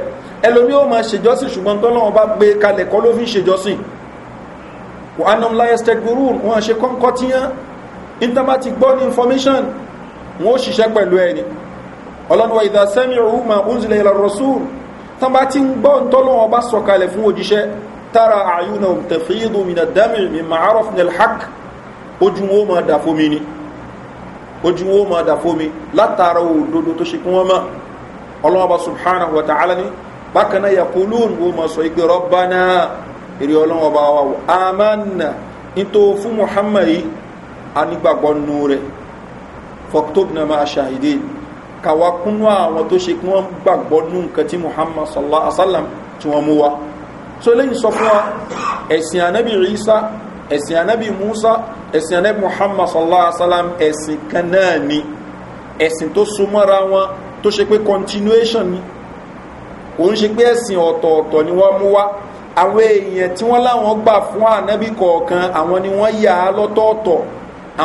ẹlòmí máa ṣèjọ́sìn ṣùgbọ́n tọ́lọ́wọ́n bá gbé kalẹ̀ kọ́ ló fi ń ṣèjọ́sìn wà ánàm láyé stegburun wọ́n ṣe kọ́ńkọ́ tí yán ìtàbá ti gbọ́ ní information wọ́n ṣiṣẹ́ pẹ̀lú ẹni ọlọ́nuwa ìdásẹ́mì ọ̀húnmà oúnjẹ ìlà rọ̀súùl tàbá ti ń gbọ́ ń tọ́lọ́ ọba sọ̀kalẹ̀ fún òjíṣẹ́ tara àyúnà tẹ̀fíìdù mìnà dámì mi ma'arọ̀ fún elhaq ojú wọn máa dà fómi ni ojú wọn máa dà fómi látara òdodo tó ṣe kí wọ́n mọ́ ọlọ́wọ́ subhanahu wa ta'ala ni bákan náà yà kúlùn wọn máa sọ èrè ọlọ́wọ́ bá wà wọ́ àmàna nítò fún muhammad yìí a nígbàgbọ́ nù rẹ̀ fọ́ktọ́bù náà máa ṣàìdè kàwá kúnnú àwọn tó ṣe kí wọ́n gbàgbọ́ nù nǹkan tí muhammad sallallahu alaihi wasallam tí wọ́n mú wa so lẹ́yìn sọ fún wa ẹ̀sìn anábì isa ẹ̀sìn anábì musa ẹ̀sìn anábì muhammad sallallahu alaihi ẹ̀sìn kan náà ni ẹ̀sìn tó súnmọ́ra wọn tó ṣe pé continuation ni òun ṣe pé ẹ̀sìn ọ̀tọ̀ọ̀tọ̀ ni wọ́n mú wa àwọn èèyàn tí wọ́n láwọn gbà fún ànábì kọ̀ọ̀kan àwọn ni wọ́n yà á lọ́tọ̀ọ̀tọ̀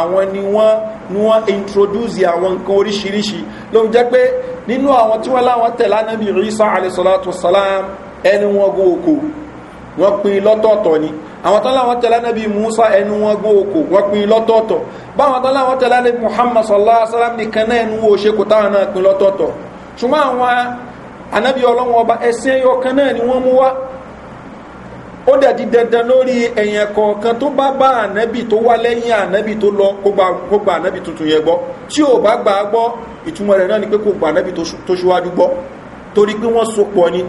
àwọn ni wọ́n ni wọ́n introduce àwọn nǹkan oríṣiríṣi ló ń jẹ́ pé nínú àwọn tí wọ́n láwọn tẹ̀lé ànábì Ìsá alayhi salatu wassalam ẹni wọn gún oko wọ́n pín lọ́tọ̀ọ̀tọ̀ ni àwọn tọ́lá wọn tẹ̀lé ànábì Musa ẹni wọn gún oko wọ́n pín lọ́tọ̀ọ̀tọ̀ báwọn tọ́lá wọn tẹ̀lé ànábì Muhammad sallallahu alayhi wa sallam nìkan náà ẹnu wo ṣe kò táwọn náà pín lọ́tọ̀ọ̀tọ̀ ṣùgbọ́n àwọn ànábì ọlọ́wọ́n ọba ẹ̀sìn ẹyọ kan náà ni wọ́n mú wá ó dẹ̀ di dandan lórí ẹ̀yàn kọ̀ọ̀kan tó bá bá ànábì tó wá lẹ́yìn ànábì tó lọ kó gba ànábì tuntun yẹn gbọ́ tí ò bá gbà á gbọ́ ìtumọ̀ rẹ̀ náà ni pé kò gba ànábì tó ṣíwájú gbọ́ torí pé wọ́n so pọ̀ ni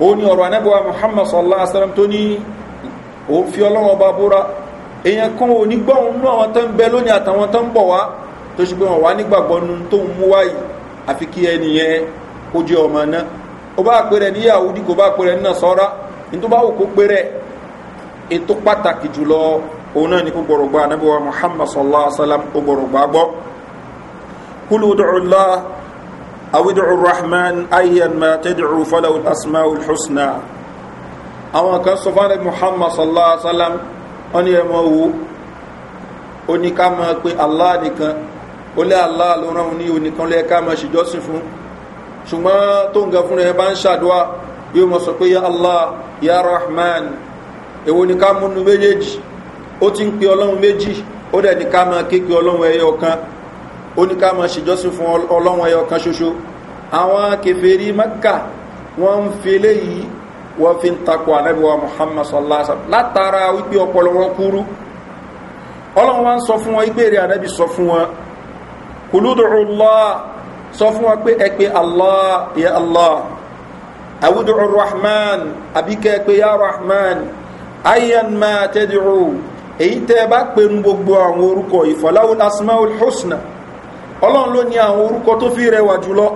ó ní ọ̀rọ̀ ànábì muhammad sallallahu alaihi wa sallam tó ní òun fi ọlọ́wọ́n bá búra èèyàn kan ò ní gbọ́ òun nú àwọn tó ń bẹ lónìí àtàwọn tó ń bọ̀ wá tó ṣe pé wọ́n wá nígbàgbọ́ nu tó ń mú wáyìí àfi kí ẹnìyẹn ó jẹ́ ọmọ náà ó bá pèrè ní yahudi kò bá pèrè ní nasara nítorí bá wò kó péré ètò pàtàkì jùlọ òun náà ni kó gbọ̀rọ̀ gba muhammad sallallahu alayhi wa sallam kó gbọ̀rọ̀ gba gbọ́ kúlù dùcúlá awídùcú rahman ayyan ma tẹ́dùcú fọláwù asmaul husna àwọn kan sọ fún muhammad sallallahu alayhi wa sallam wọn ni ẹ mọ allah nìkan ó lé allah ló rán òun ní oníkan lẹ́ẹ̀ká máa ṣèjọ́sìn fún ṣùgbọ́n tó ń ga fún rẹ̀ bá ń ṣàdúrà yóò mọ̀ sọ pé ya allah ya rahman èwo ni ká múnú méjèèjì ó ti ń pe ọlọ́run méjì ó dẹ̀ ní ká máa kéèké ọlọ́run ẹyọ kan ó ní ká máa ṣèjọ́sìn fún ọlọ́run ẹyọ kan ṣoṣo àwọn kẹfẹ́rí mẹ́kà wọ́n ń fi eléyìí wọ́n fi ń takò ànábìwá muhammad sallallahu látara wípé ọpọlọ wọn kúrú ọlọ́run wa sọ fún wọn ìgbèrè ànábì sọ fún wọn kùlùdùrù sọ fún wọn pé ẹ pé allah ya allah awudu rahman abike pe ya rahman ayan ma tẹdiru èyí tẹ bá pẹnu gbogbo àwọn orúkọ ìfọláwùl asmaul husna ọlọ́run ló ní àwọn orúkọ tó fi rẹwà jùlọ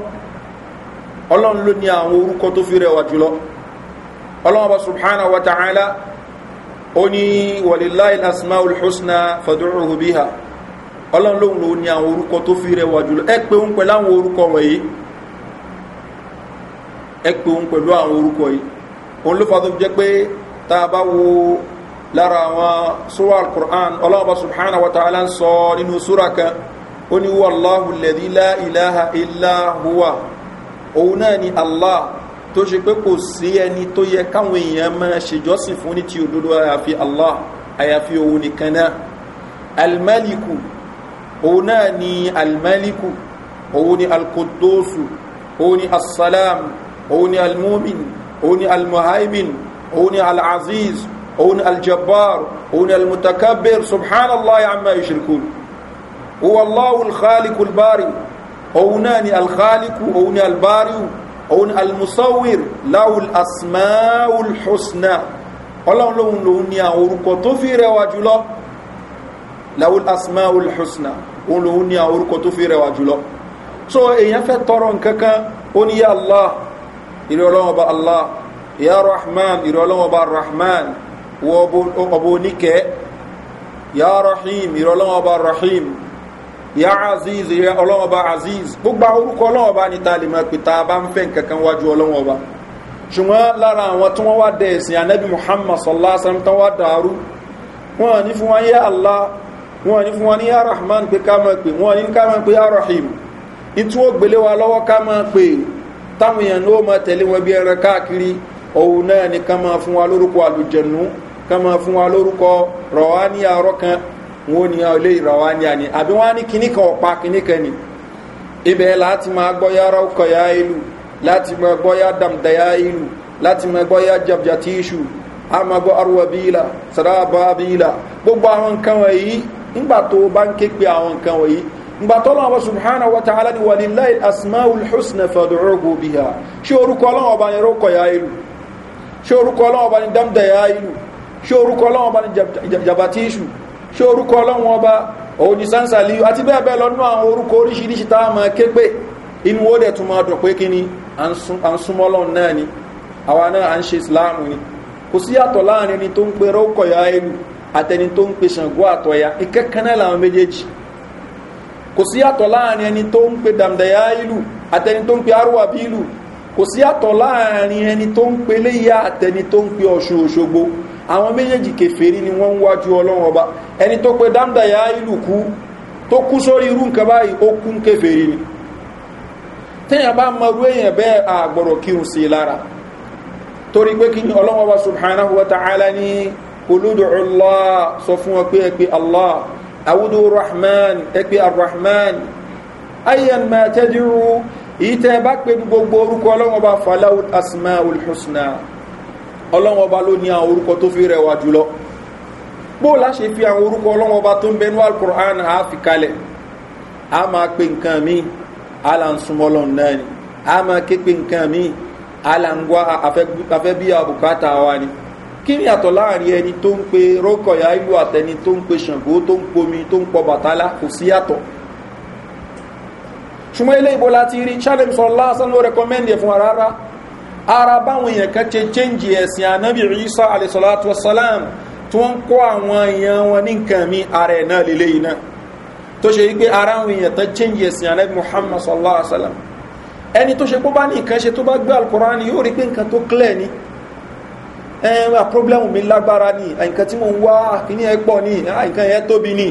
ọlọ́run ló ní àwọn orúkọ tó fi rẹwà jùlọ ọlọ́run bá subhana wa ta'ala ó ní wàlíláì husna fàdúrúhu bíhà ọlọ́run ló ní àwọn orúkọ tó fi rẹwà jùlọ ẹ pé ń pẹ̀lú àwọn orúkọ wọ̀nyí ẹ pé òun pẹ̀lú àwọn orúkọ yìí òun ló fàá tó jẹ́ pé tá a bá wo lára àwọn sura al-qur'an ọlọ́ọ̀bá subhanahu wa ta'ala ń sọ nínú sura kan ó ní wọ́n aláhùn lẹ́dí láìláha ìláhùwà òun náà ni allah tó ṣe pé kò sí ẹni tó yẹ káwọn èèyàn máa ṣèjọ́sìn fún ní ti òdodo àyàfi allah àyàfi òun nìkan náà almaliku òun náà ni almaliku òun ni alkodosu òun ni asalamu òun ni almumin òun ni almuhaimin òun ni alaziz òun ni aljabbar òun ni almutakabir subhanallah amma yushrikun huwa allahu alkhaliqu albari òun náà ni alkhaliqu òun ni albariu òun almusawir láwùl asmáwùl husna ọlọ́run lóhun lòun ni àwọn orúkọ tó fi rẹwà jùlọ láwùl asmáwùl husna òun lòun ni àwọn orúkọ tó fi rẹwà jùlọ so èèyàn fẹ́ tọrọ nkankan ó ní yá allah ìrẹ́ ọlọ́wọ́ bá allah ya rahman ìrẹ́ ọlọ́wọ́ bá rahman wọ ọbọ oníkẹ́ ya rahim ìrẹ́ ọlọ́wọ́ bá rahim ya aziz ìrẹ́ ọlọ́wọ́ bá aziz gbogbo orúkọ ọlọ́wọ́ bá ní tààlì máa pè tá a bá ń fẹ́ kankan wájú ọlọ́wọ́ wọ́n wá dẹ̀ wa ní fún rahman pé ká máa pè wọ́n ní ká máa pè yá rahim ìtú ògbélé wa lọ́wọ́ ká máa pè táwọn èèyàn ló máa tẹ̀lé wọn bí ẹran ni kama fun wa lórúkọ àlùjẹ̀nú ká máa wa kan wọn ò ní ilé ìrọ̀wání àní àbí ni ibẹ̀ ya máa gbọ́yá ráúkọ̀ ya ìlú láti ya dam da ya ìlú lati máa gbọ́yá isu a máa gbọ́ arúwà gbogbo pe gbàtọ́lọ́wọ́ ṣùgbọ́n wa ta'ala ni wàlíláì asmaul husna fàdúrógó bí ha ṣe orúkọ ọlọ́wọ́ bá ní rọ́kọ̀ ya ìlú ṣe orúkọ ọlọ́wọ́ bá ní dámdà ya ìlú ṣe orúkọ ọlọ́wọ́ bá ní jabatíṣù ṣe orúkọ ọlọ́wọ́ bá òní sánsàlíyù àti bẹ́ẹ̀ bẹ́ẹ̀ lọ́nà àwọn orúkọ oríṣiríṣi tá a máa ké pé inú ó dẹ̀ tún máa dọ̀ pé kíni à ń súnmọ́ lọ́n náà ni àwa náà à ń ni kò sí yàtọ̀ láàrin ẹni tó pe rọ́kọ̀ ya ìlú àtẹni tó ń pe ṣàngó àtọ̀ya ìkẹ́kẹ́ náà làwọn méjèèjì kò sí yàtọ̀ láàrin ẹni tó ń pe dàmdàyà ìlú àtẹni tó ń pe arúwà bí ìlú kò sí yàtọ̀ láàrin ẹni tó ń pe léyà àtẹni tó ń pe ọ̀ṣun òṣogbo àwọn méjèèjì kẹfẹ́rí ni wọ́n ń wájú ọlọ́run ọba ẹni tó pe dàmdàyà ìlú kú tó kú sórí irú nǹkan báyìí ó kún ni wa ta'ala ni sọ fún wọn pé awudu rahman ẹgbẹ́ arrahman ayan ma tẹ́dìrú èyí tẹ́ bá pé gbogbo orúkọ ọlọ́wọ́ bá faláwù asma olùhùsùnà ọlọ́wọ́ bá ló ní àwọn orúkọ tó fi rẹwà jùlọ bó láṣe fi àwọn orúkọ ọlọ́wọ́ bá tó ń bẹnu alukur'an á fi kalẹ̀ a máa pe nǹkan mi alansumọlọ náà ni a máa ké pe nǹkan mi alangwa afẹ́ bí wa ni. Afẹ́, kí ni àtọ̀ láàrin ẹni tó ń pe rókọ̀yà ìlú àtẹni tó ń pe ṣàǹgó tó ń pomi tó ń pọ bàtálá kò sí yàtọ̀ ṣùgbọ́n ilé ìbò láti rí ṣáàlẹ̀m sọ lásán ló rẹkọmẹ́ndì fún ara ara báwọn èèyàn kan ṣe chẹ́ǹjì ẹ̀sìn ànábì ìrísà alẹ́sọ̀látọ̀ sálám tí ń kọ́ àwọn èèyàn wọn ní nǹkan mi ara ẹ̀ náà lélẹ́ iná tó ṣe wípé ara àwọn èèyàn tán chẹ́ǹjì ẹ̀sìn ànábì muhammad sallallahu alaihi wasallam ẹni tó ṣe pé bá ní nǹkan ṣe tó bá gbé alukóra yóò rí pé nǹkan tó clear ni ẹ̀rọ problem mi lágbára ní nǹkan tí mo ń wá kíní ẹ pọ̀ ní ka ẹ tóbi ní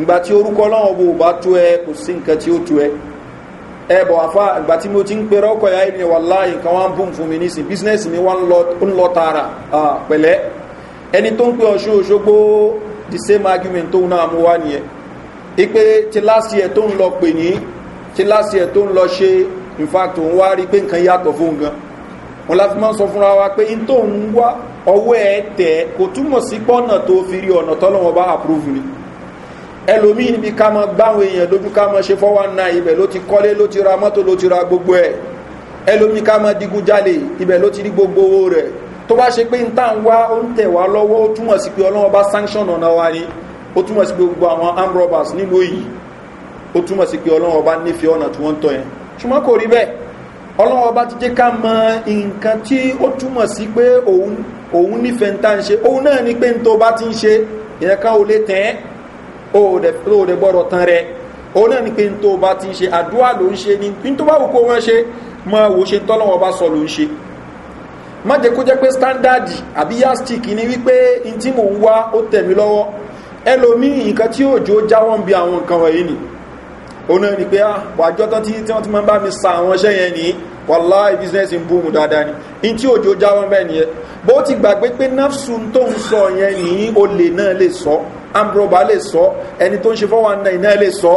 ìgbà tí orúkọ ọlọ́run bò bá tó ẹ kò sí nǹkan tí ó tó ẹ ẹ bọ̀ ìgbà mo ti ń pèrè ọkọ̀ ya ìrìn wà láàyè nǹkan wá ń bùn fún mi bísínẹ́sì mi wá ń lọ tààrà pẹ̀lẹ́ same argument wọn láti ma ń sọ fúnra wa pé in tó ń wá ọwọ́ ẹ tẹ̀ kò túmọ̀ sí pọ́nà tó fi ọ̀nà tọ́lọ́wọ́ bá àpúrúfù ni ẹlòmíì níbi ká mọ gbáwọn èèyàn lójú ká ṣe ná ti kọ́lé ló ti ra mọ́tò ló ti ra gbogbo ẹ̀ ẹlòmíì ká mọ digunjalè ibẹ̀ ló ti rí gbogbo owó rẹ̀ tó bá ṣe pé ọlọ́wọ́ bá ti jẹ́ ká mọ nǹkan tí ó túmọ̀ sí pé òun nífẹ̀ẹ́ ta ń ṣe òun náà ni pé n tó bá ti ń ṣe ìyẹ̀ká o lè tẹ́ ó rẹ̀ gbọ́rọ̀ tán rẹ̀ òun náà ni pé n tó bá ti ń ṣe àdúrà ló ń ṣe ní tó bá wù kó wọ́n ṣe mọ wò ṣe tọ́lọ́wọ́ bá sọ ló ń ṣe má jẹ́ kó jẹ́ pé standard àbí yastic ni wípé n tí mò ń wá ó tẹ̀ mí lọ́wọ́ ẹlòmíì nǹkan tí òjò jáwọ́ ń bi àwọn nǹkan wọ̀nyí ni òun náà ni pé ah, wàjọ́ tán tí wọ́n ti máa ń bá mi sa àwọn iṣẹ́ nìyí wàláì business ń búùmù dáadáa ni in tí òjò jáwọ́ bẹ́ẹ̀ nìyẹn bó ti gbàgbé pé nafsu tó ń sọ yẹn ní olè náà lè sọ ambroba lè sọ ẹni tó ń ṣe 419 náà lè sọ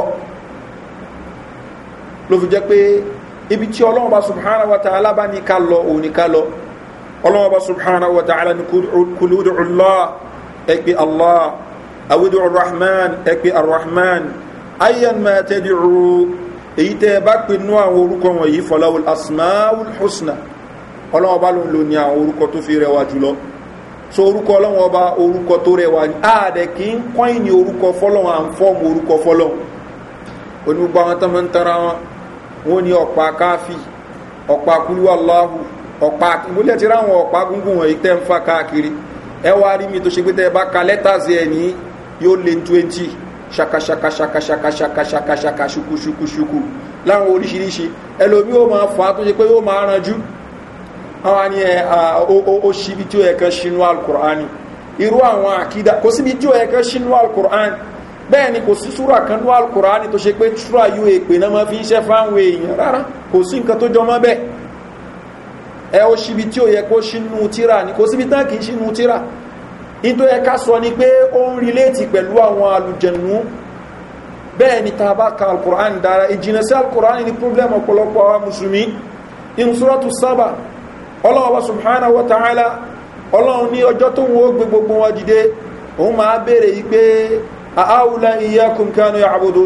ló fi jẹ́ pé ibi tí ọlọ́run bá subhanahu wa ta'ala bá ní ká lọ òun ká lọ ọlọ́run subhanahu wa ta'ala ní kuludu èyí tẹ́ ẹ bá pè nú àwọn orúkọ wọ̀nyí fọláwùl asmaul husna ọlọ́wọ́ bá ló ń lò ní àwọn orúkọ tó fi rẹwà jùlọ so orúkọ ọlọ́wọ́ bá orúkọ tó rẹwà ààdẹ̀ kì í kọ́yìn ní orúkọ fọlọ́wọ́ à orúkọ onígbà wọn tán tara wọn wọn ọkpa ọ̀pá káfí ọ̀pá ọ̀pá ìmúlẹ̀ ti ráwọn ọ̀pá gúngùn tẹ́ ń fa káàkiri ṣakaṣakaṣakaṣakaṣakaṣaka ṣukuṣukuṣuku láwọn oríṣiríṣi ẹlòmí o máa fà á tó ṣe pé o máa ranjú àwọn ni ó ṣíbi tí ó yẹ kan ṣínú alkùránì irú àwọn àkídá kò síbi tí ó yẹ kan ṣínú alkùránì bẹ́ẹ̀ ni kò sí súra kan ní alkùránì tó ṣe pé túra yóò èpè náà máa fi ń ṣẹ́ fáwọn èèyàn rárá kò sí nǹkan tó jọmọ́ bẹ́ẹ̀ ẹ ó ṣíbi tí ó yẹ kó ṣínú tíra ni kò síbi tán kì í ṣínú tíra ìtò ẹka sọ ni pé ó ń riléètì pẹ̀lú àwọn alùjẹ̀nú bẹ́ẹ̀ ni ta bá ka alkùránì dára ìjìnà sí alkùránì ní problem ọ̀pọ̀lọpọ̀ àwọn musulmi inú súrọ́tù sábà ọlọ́wọ́ subhana wa ta'ala ọlọ́run ní ọjọ́ tó wọ́n gbé gbogbo wọn dìde òun máa bèèrè yí pé àáwùlá iye kùnkanu àbòdó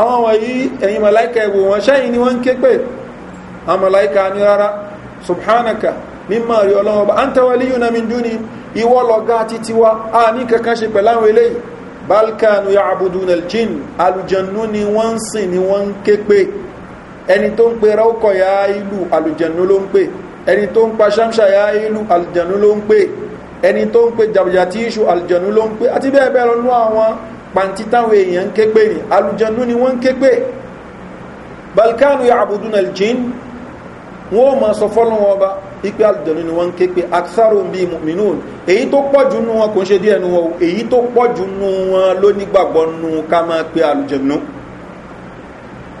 àwọn wọ̀nyí ẹ̀yìn mọ̀láìkà ìwọ́ lọ́gá àti tiwa a ní kankan ṣe pẹ̀láwọn eléyìí balkanu ya abudun aljin alujannu ni wọ́n sìn ni wọ́n ń ké pé ẹni tó ń pe ráúkọ̀ ya ìlú alujannu ló ń pè ẹni tó ń pa ṣamṣà ya ìlú alujannu ló ń pè ẹni tó ń pe jàbùjàtí iṣu alujannu ló ń pè àti bẹ́ẹ̀ bẹ́ẹ̀ lọ́nú àwọn pàǹtí èèyàn ń ké ni alujannu balkanu ya abudun aljin wọ́n ma sọ ipe alìjẹ̀nu ni wọ́n ń ké pé aksaro bí mìnú èyí tó pọ̀ jù nú wọn kò ń ṣe díẹ̀ nú wọn èyí tó pọ̀ jù nú wọn ló nígbàgbọ́ nú ká máa pe alìjẹ̀nu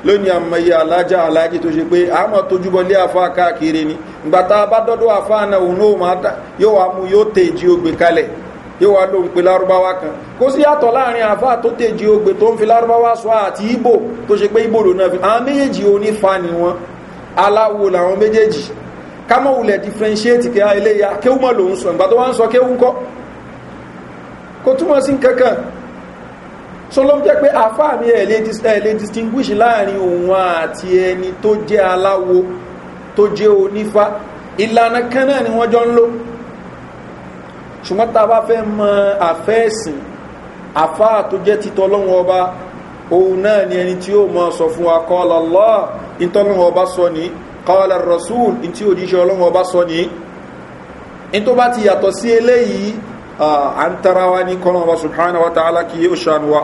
lónìí àmọye alájà alájì tó ṣe pé a máa tójú lé àfa káàkiri ni ìgbà tá a bá dọ́dọ̀ àfa náà òun náà máa dá yóò wá mú yóò tèjì ògbè kalẹ̀ yóò wá lóhun pé lárúbáwá kan kó sí yàtọ̀ láàrin àfa tó tèjì ògbè tó ń fi lárúbáwá sọ àti ibo tó ṣe pé ibo lò náà fi àwọn méjèèjì onífa ni wọn aláwo làwọn méjèèjì Kama wulẹ̀ differentiate kí a eléyà kéwú mọ́ lòun sọ ìgbà tó wá ń sọ kéwú ń kọ́ kò túnmọ̀ sí kankan so ló ń jẹ́ pé àfáà mi ẹ̀ distinguish láàrin òun àti ẹni tó jẹ́ aláwo tó jẹ́ onífá ìlànà kan náà ni wọ́n jọ ń lò ṣùgbọ́n ta bá fẹ́ mọ àfẹ́ẹ̀sìn àfáà tó jẹ́ títọ́ lọ́wọ́ ọba òun náà ni ẹni tí ó mọ sọ fún kọ́ọ̀lá rasul in tí òjíṣẹ́ ọlọ́run ọba sọ ní in tó bá ti yàtọ̀ sí eléyìí à ń tara wa ní kọ́lọ́run ọba subhanahu wa ta'ala kí ó ṣàánú wa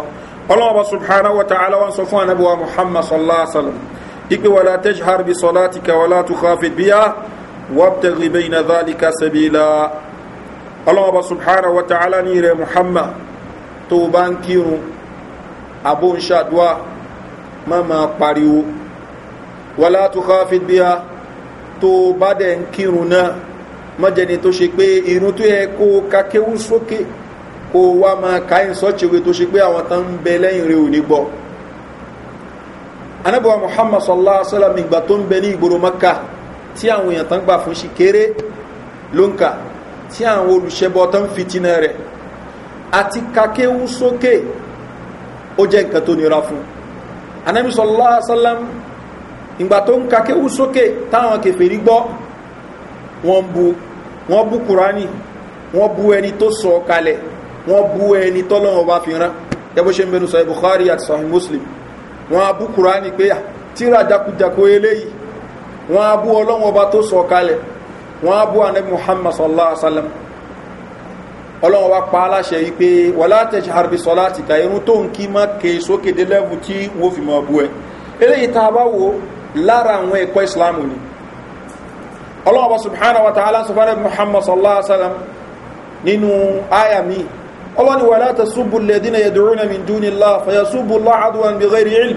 ọlọ́run ọba subhanahu wa ta'ala wọn sọ fún anabuwa muhammad sallallahu alaihi wa sallam ipe wàlá tejhar bi sọláti ka tó bá ń kírun abó ń ṣàdúà pariwo wàlá tó káfíd bí baden tó bá dẹ̀ ń kírun náà mọ́jẹni tó ṣe pé irun tó yẹ kó kakéwú sókè kó wá máa káyìn sọ́chewé tó ṣe pé àwọn tán ń bẹ lẹ́yìn rẹ̀ ò ní gbọ́ muhammad sallallahu alaihi wasallam ìgbà tó ń bẹ ní ìgboro maka tí àwọn èèyàn tán gbà fún sí kéré ló ń kà tí àwọn olùṣẹ́bọ tán fitinà rẹ̀ àti kakéwú sókè ó jẹ́ nira fún anábì sallallahu alaihi wasallam ìgbà tó ń kakéwú sókè táwọn kèfèrí gbọ́ wọ́n bu wọ́n bú kùránì wọ́n bú ẹni tó sọ kalẹ̀ wọ́n bú ẹni tọ́lọ́wọ́ bá fi rán ẹbó ṣe ń bẹnu sọ bukhari àti sahih muslim wọ́n abú kùránì pé tíra jakujaku eléyìí wọ́n abú ọlọ́wọ́ bá tó sọ kalẹ̀ wọ́n abú anabi muhammad sallallahu alaihi wasallam ọlọ́wọ́ bá pa aláṣẹ yìí pé wàlá tẹ̀sí harbi sọlá ke sókè dé lẹ́bù tí wọ́n fi mọ̀ bú eléyìí tá lára àwọn ẹ̀kọ́ ìsìláàmù ni ọlọ́ọ̀bọ̀ subhanahu wa ta'ala sọfánà muhammad sallallahu alaihi wasallam nínú aya mi ọlọ́ni wà láta súbù lẹ́dínà yẹ̀dùrúnà mi dúní láà fàyà súbù láàdùwàn bí rẹ̀ ìlú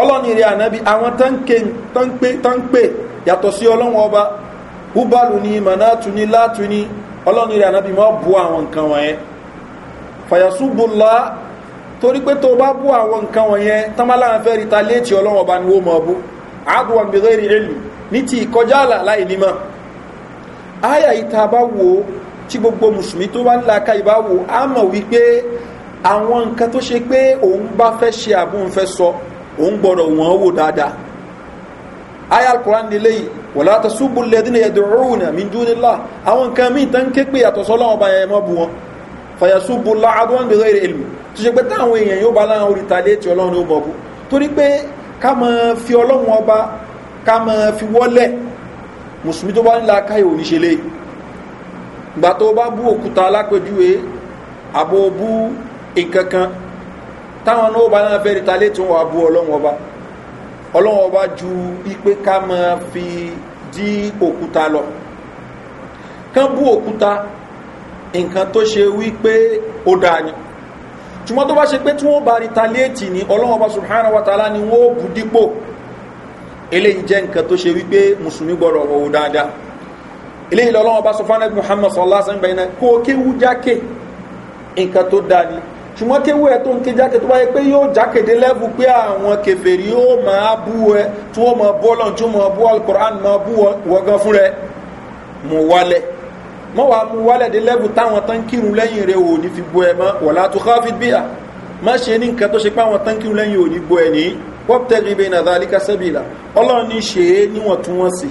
ọlọ́ni rí ànábi àwọn súbù láà torí pé tó bá bu àwọn nǹkan wọ̀nyẹn támáláàfẹ́ rí ta léèkì ọlọ́wọ́ ọba ni ó mọ̀ bú àdùwàn bí lórí ìlú ní ti ìkọjá àlà láì nímọ̀ àyà ìta bá wo tí gbogbo mùsùlùmí tó bá ń la káyì bá wo á mọ̀ wípé àwọn nǹkan tó ṣe pé òun bá fẹ́ ṣe àbúhùn fẹ́ sọ òun gbọ́dọ̀ wọ́n wò dáadáa àyà alukuran nílé yìí wọ̀lá tasúbù lẹ́dínà yẹ̀dùrúnà mi dúnilá àwọn nǹkan míì tán ké pé àtọ̀ sọ́lọ́wọ́n bá bá láwọn ká mọ́ fi ọlọ́run ọba ká mọ́ fi wọ́lẹ̀ mùsùlùmí tó bá nílá káyò oníṣẹ́lé ìgbà tó bá bú òkúta alápẹjúwe àbò bú ìkankan táwọn náà bá náà fẹ́ẹ́ níta létí wọn abú ọlọ́run ọba ọlọ́run ọba ju wípé ká mọ́ fi dí òkúta lọ kán bú òkúta nǹkan tó ṣe wípé ó dáa ni ṣùgbọ́n tó bá ṣe pé tí wọ́n bá retaliate ní ọlọ́wọ́n bá subhanahu wa ni wọ́n bù dípò eléyìí jẹ́ nǹkan tó ṣe wípé mùsùlùmí gbọ́dọ̀ wọ̀wọ̀ dáadáa eléyìí lọ́wọ́n bá subhanahu muhammad sallallahu alaihi wa sallam kó kéwú jákè nǹkan tó dáa ni ṣùgbọ́n kéwú ẹ̀ tó ń ké jákè tó bá yẹ pé yóò jákèdé lẹ́bù pé àwọn ẹ mọ́ wàá mú wálẹ̀ dé lẹ́bù táwọn tán lẹ́yìn rẹ̀ ò ní fi bo ẹ mọ́ wọ̀lá tó káfíd bíyà má ṣe ní nǹkan tó ṣe pé àwọn tán kírun lẹ́yìn ò ní bo ẹ ní wọ́pẹ́tẹ́gbẹ̀ náà dálíkà sẹ́bìlà ọlọ́run ní ṣe é níwọ̀ntúnwọ̀nsì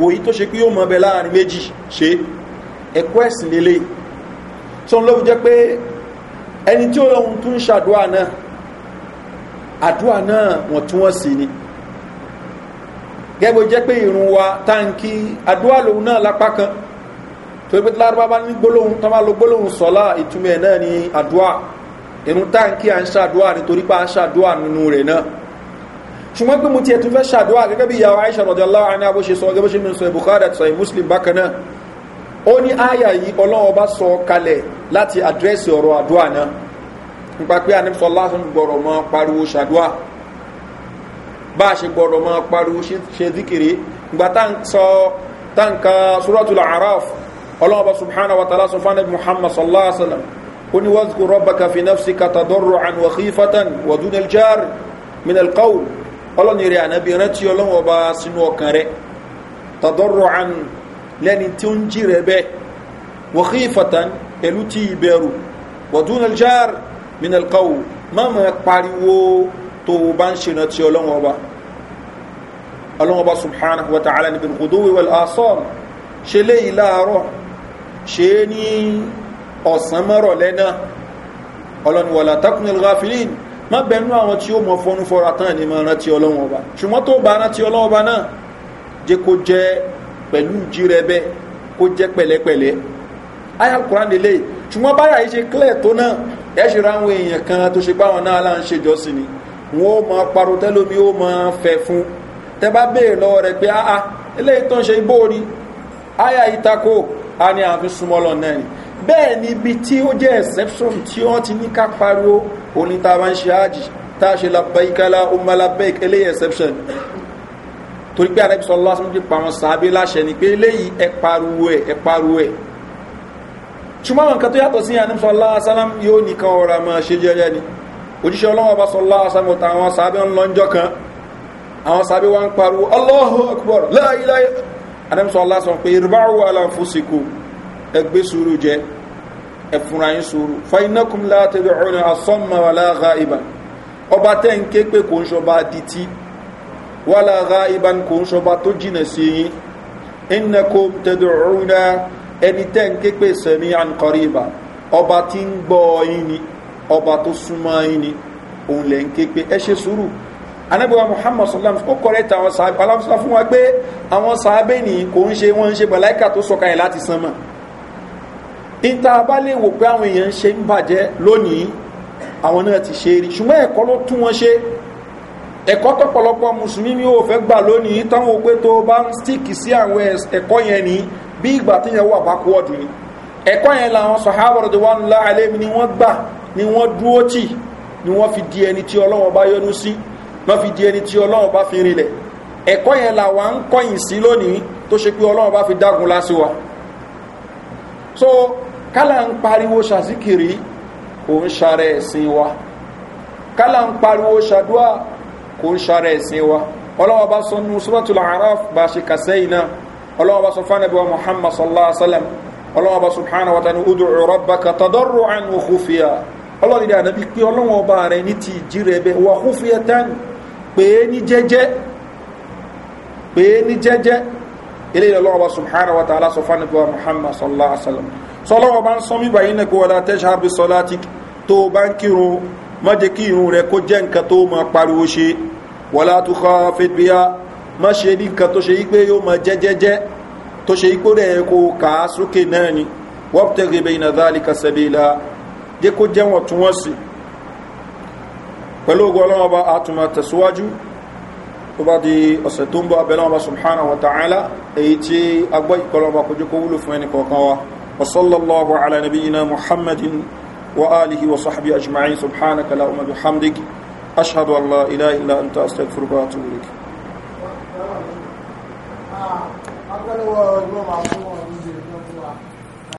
wòyí tó ṣe pé yóò mọ̀ bẹ ni gẹ́gbẹ́ jẹ́ pé ìrùn wa táǹkì àdúrà lòun náà lápá kan torí pé tí lárúbá bá ní gbólóhùn tó máa lo gbólóhùn sọ́lá ìtumọ̀ ẹ̀ náà ni àdúà Inu táǹkì à ń ṣàdúà nítorí pé à ń ṣàdúà nínú rẹ̀ náà ṣùgbọ́n pé mo tiẹ̀ tún fẹ́ ṣàdúà gẹ́gẹ́ bí ìyàwó aisha rọ̀jọ́ láwọn aná bó sọ gẹ́gẹ́ bó ṣe mi sọ ibùkárẹ̀ sọ muslim bákan náà ó ní àyà yìí ọlọ́wọ́ bá sọ kalẹ̀ láti àdírẹ́sì ọ̀rọ̀ àdúà náà nípa pé ànífọ́ lásán gbọ́rọ̀ mọ́ pariwo ṣàdúà bá a ṣe gbọ́rọ̀ mọ́ pariwo ṣe díkìrì ìgbà táǹkà suratul araf ọlọ́mọba subhanahu wa ta'ala sọfán nabi muhammad sallallahu alaihi wa sallam ó ní wàzùkú rọ́bà kàfi nafsi kàtà dọ́rọ̀ àn wà kífàtàn wà dún aljar min alqawl ọlọ́ni rẹ̀ ànábi rántí ọlọ́mọba sínú ọkàn rẹ̀ tàdọ́rọ̀ àn lẹ́ni tí ó ń jí rẹ̀ bẹ́ẹ̀ wà kífàtàn ẹ̀lú tí ìbẹ̀rù wà dún aljar min alqawl má mà pariwo tó o bá ń ṣe rántí ọlọ́mọba ọlọ́mọba subhanahu wa ta'ala níbi kudu wíwẹ̀l asọ́ọ̀mù ṣe léyìí láàárọ̀ ṣe é ní ọ̀sán mọ́rọ̀ lẹ́nà ọlọ́niwọ̀lá takunil ghafilin má bẹnu àwọn tí ó mọ fọnú fọra tán ní ma rántí ọlọ́wọ́n ọba ṣùgbọ́n tó bá rántí ọlọ́wọ́n ọba náà jẹ́ kó jẹ́ pẹ̀lú jírẹ́bẹ́ kó jẹ́ pẹ̀lẹ́pẹ̀lẹ́ aya kuran lè lè ṣùgbọ́n báyà yìí ṣe clear tó náà ẹ ṣe ra àwọn èèyàn kan tó ṣe báwọn náà là a ní àfi súnmọ́ lọ náà ni bẹ́ẹ̀ ni ibi tí ó jẹ́ exception tí wọ́n ti ní ká pariwo òní tá a máa ń ṣe ájì tá a ṣe labbaikala umma labbaik eléyìí exception torí pé àrẹ́bí sọ lọ́wọ́ sọ́mọ́jú pa àwọn sàábé láṣẹ ni pé eléyìí ẹ pariwo ẹ ẹ pariwo ẹ ṣùgbọ́n àwọn nǹkan tó yàtọ̀ sí àrẹ́bí lọ́wọ́ sálám yóò nìkan ọ̀rọ̀ àmọ́ ṣe jẹ́jẹ́ ni òjíṣẹ́ ọlọ́wọ́ bá sọ lọ́wọ́ sálám táwọn sàábé ń lọ́njọ́ kan àwọn sàábé wa ń pariwo allahu akbar anamsọ lásán pé irbaru aláfosìkò ẹgbẹ́ sùúrù jẹ ẹ̀fúnra yín sùúrù fainakum látẹ̀bí ọ̀nà asọ́mà alága ibà ọba tẹ́ ń ké pé kò ń ṣọba dìtí wà lága ibà kò ń ṣọba tó jìnà sí yín innakum tẹ̀dọ̀ ọ̀nà ẹni tẹ́ ń ké pé sẹ̀mí àǹkọ̀rí ibà ọba tí ń gbọ́ yín ni ọba tó súnmọ́ yín ni òun lẹ́ ń ké pé ẹ ṣe sùúrù anábíwá muhammad sallam ó kọrẹ́tà àwọn sàábé aláfisà fún wa pé àwọn sàábé ní kò ń ṣe wọ́n ń ṣe mọ̀láíkà tó sọkalẹ̀ lati sánmọ̀ ìta bá lè wò pé àwọn èèyàn ń ṣe ń bàjẹ́ lónìí àwọn náà ti ṣe rí ṣùgbọ́n ẹ̀kọ́ ló tún wọn ṣe ẹ̀kọ́ tọ́pọ̀lọpọ̀ mùsùlùmí ni ó fẹ́ gbà lónìí táwọn òpé tó bá ń stíkì sí àwọn ẹ̀kọ́ yẹn ní bí ìgbà tí yẹn wà bákúọ̀dù ni ẹ̀kọ́ yẹn làwọn sọ̀hábọ̀rọ̀dẹ̀ wà ńlá alẹ́mi ni wọ́n gbà ni wọ́n dúó tì ni wọ́n fi di ẹni tí ọlọ́wọ́n bá yọnu sí má fi di ẹni tí ọlọ́run bá fi rinlẹ̀ ẹ̀kọ́ yẹn là wà ń kọ́yìn sí lónìí tó ṣe pé ọlọ́run bá fi dágun lásì wa so kálá ń pariwo ṣàzíkiri kò ń ṣàrẹ̀ ẹ̀sìn wa kálá ń pariwo ṣàdúà kò ń ṣàrẹ̀ ẹ̀sìn wa ọlọ́wọ́ bá sọ nínú suratul araf bá ṣe kàṣẹ́ iná ọlọ́wọ́ bá sọ fánàbí wa muhammad sallallahu alaihi wasallam ọlọ́wọ́ bá subhanahu wa ta'ala udu rabbaka tadarruan wa khufiya ọlọ́wọ́ ni dàbí pé ọlọ́wọ́ bá rẹ̀ ní ti jí rẹ̀ bẹ́ wa khufiya tán pè é ní jẹ́jẹ́ pè é ní jẹ́jẹ́ eléyìí lọ́wọ́ subhanahu wa ta'ala sọ fún ẹgbẹ́ muhammad sallallahu alaihi wa sallam sọlọ́wọ́ bá ń sọ mí báyìí nàgbọ́ wọlé atẹ́ṣà bí sọlá ti tó bá ń kírun má jẹ́ kí irun rẹ̀ kó jẹ́ nǹkan tó máa pariwo ṣe wọlá tó fẹ́bíyà má ṣe ní nǹkan tó ṣe wípé yóò máa jẹ́jẹ́jẹ́ tó ṣe wípé rẹ̀ kó kà á sókè náà ni wọ́n tẹ̀lé bẹ́yìn náà dálíkà sẹ́bíyà jẹ́ kó jẹ́ wọ̀ntúnwọ̀nsì pẹ̀lú ogun ọlọ́wọ́ bá àtùmọ̀ tẹ̀síwájú tó bá di ọ̀sẹ̀ tó ń bọ́ abẹ́lọ́wọ́ bá subhanahu wa ta'ala èyí tí agbọ́ ìkọlọ́wọ́ bá kojú kó wúlò fún ẹni kọ̀ọ̀kan wa wasallallahu ala nabiyina muhammadin wa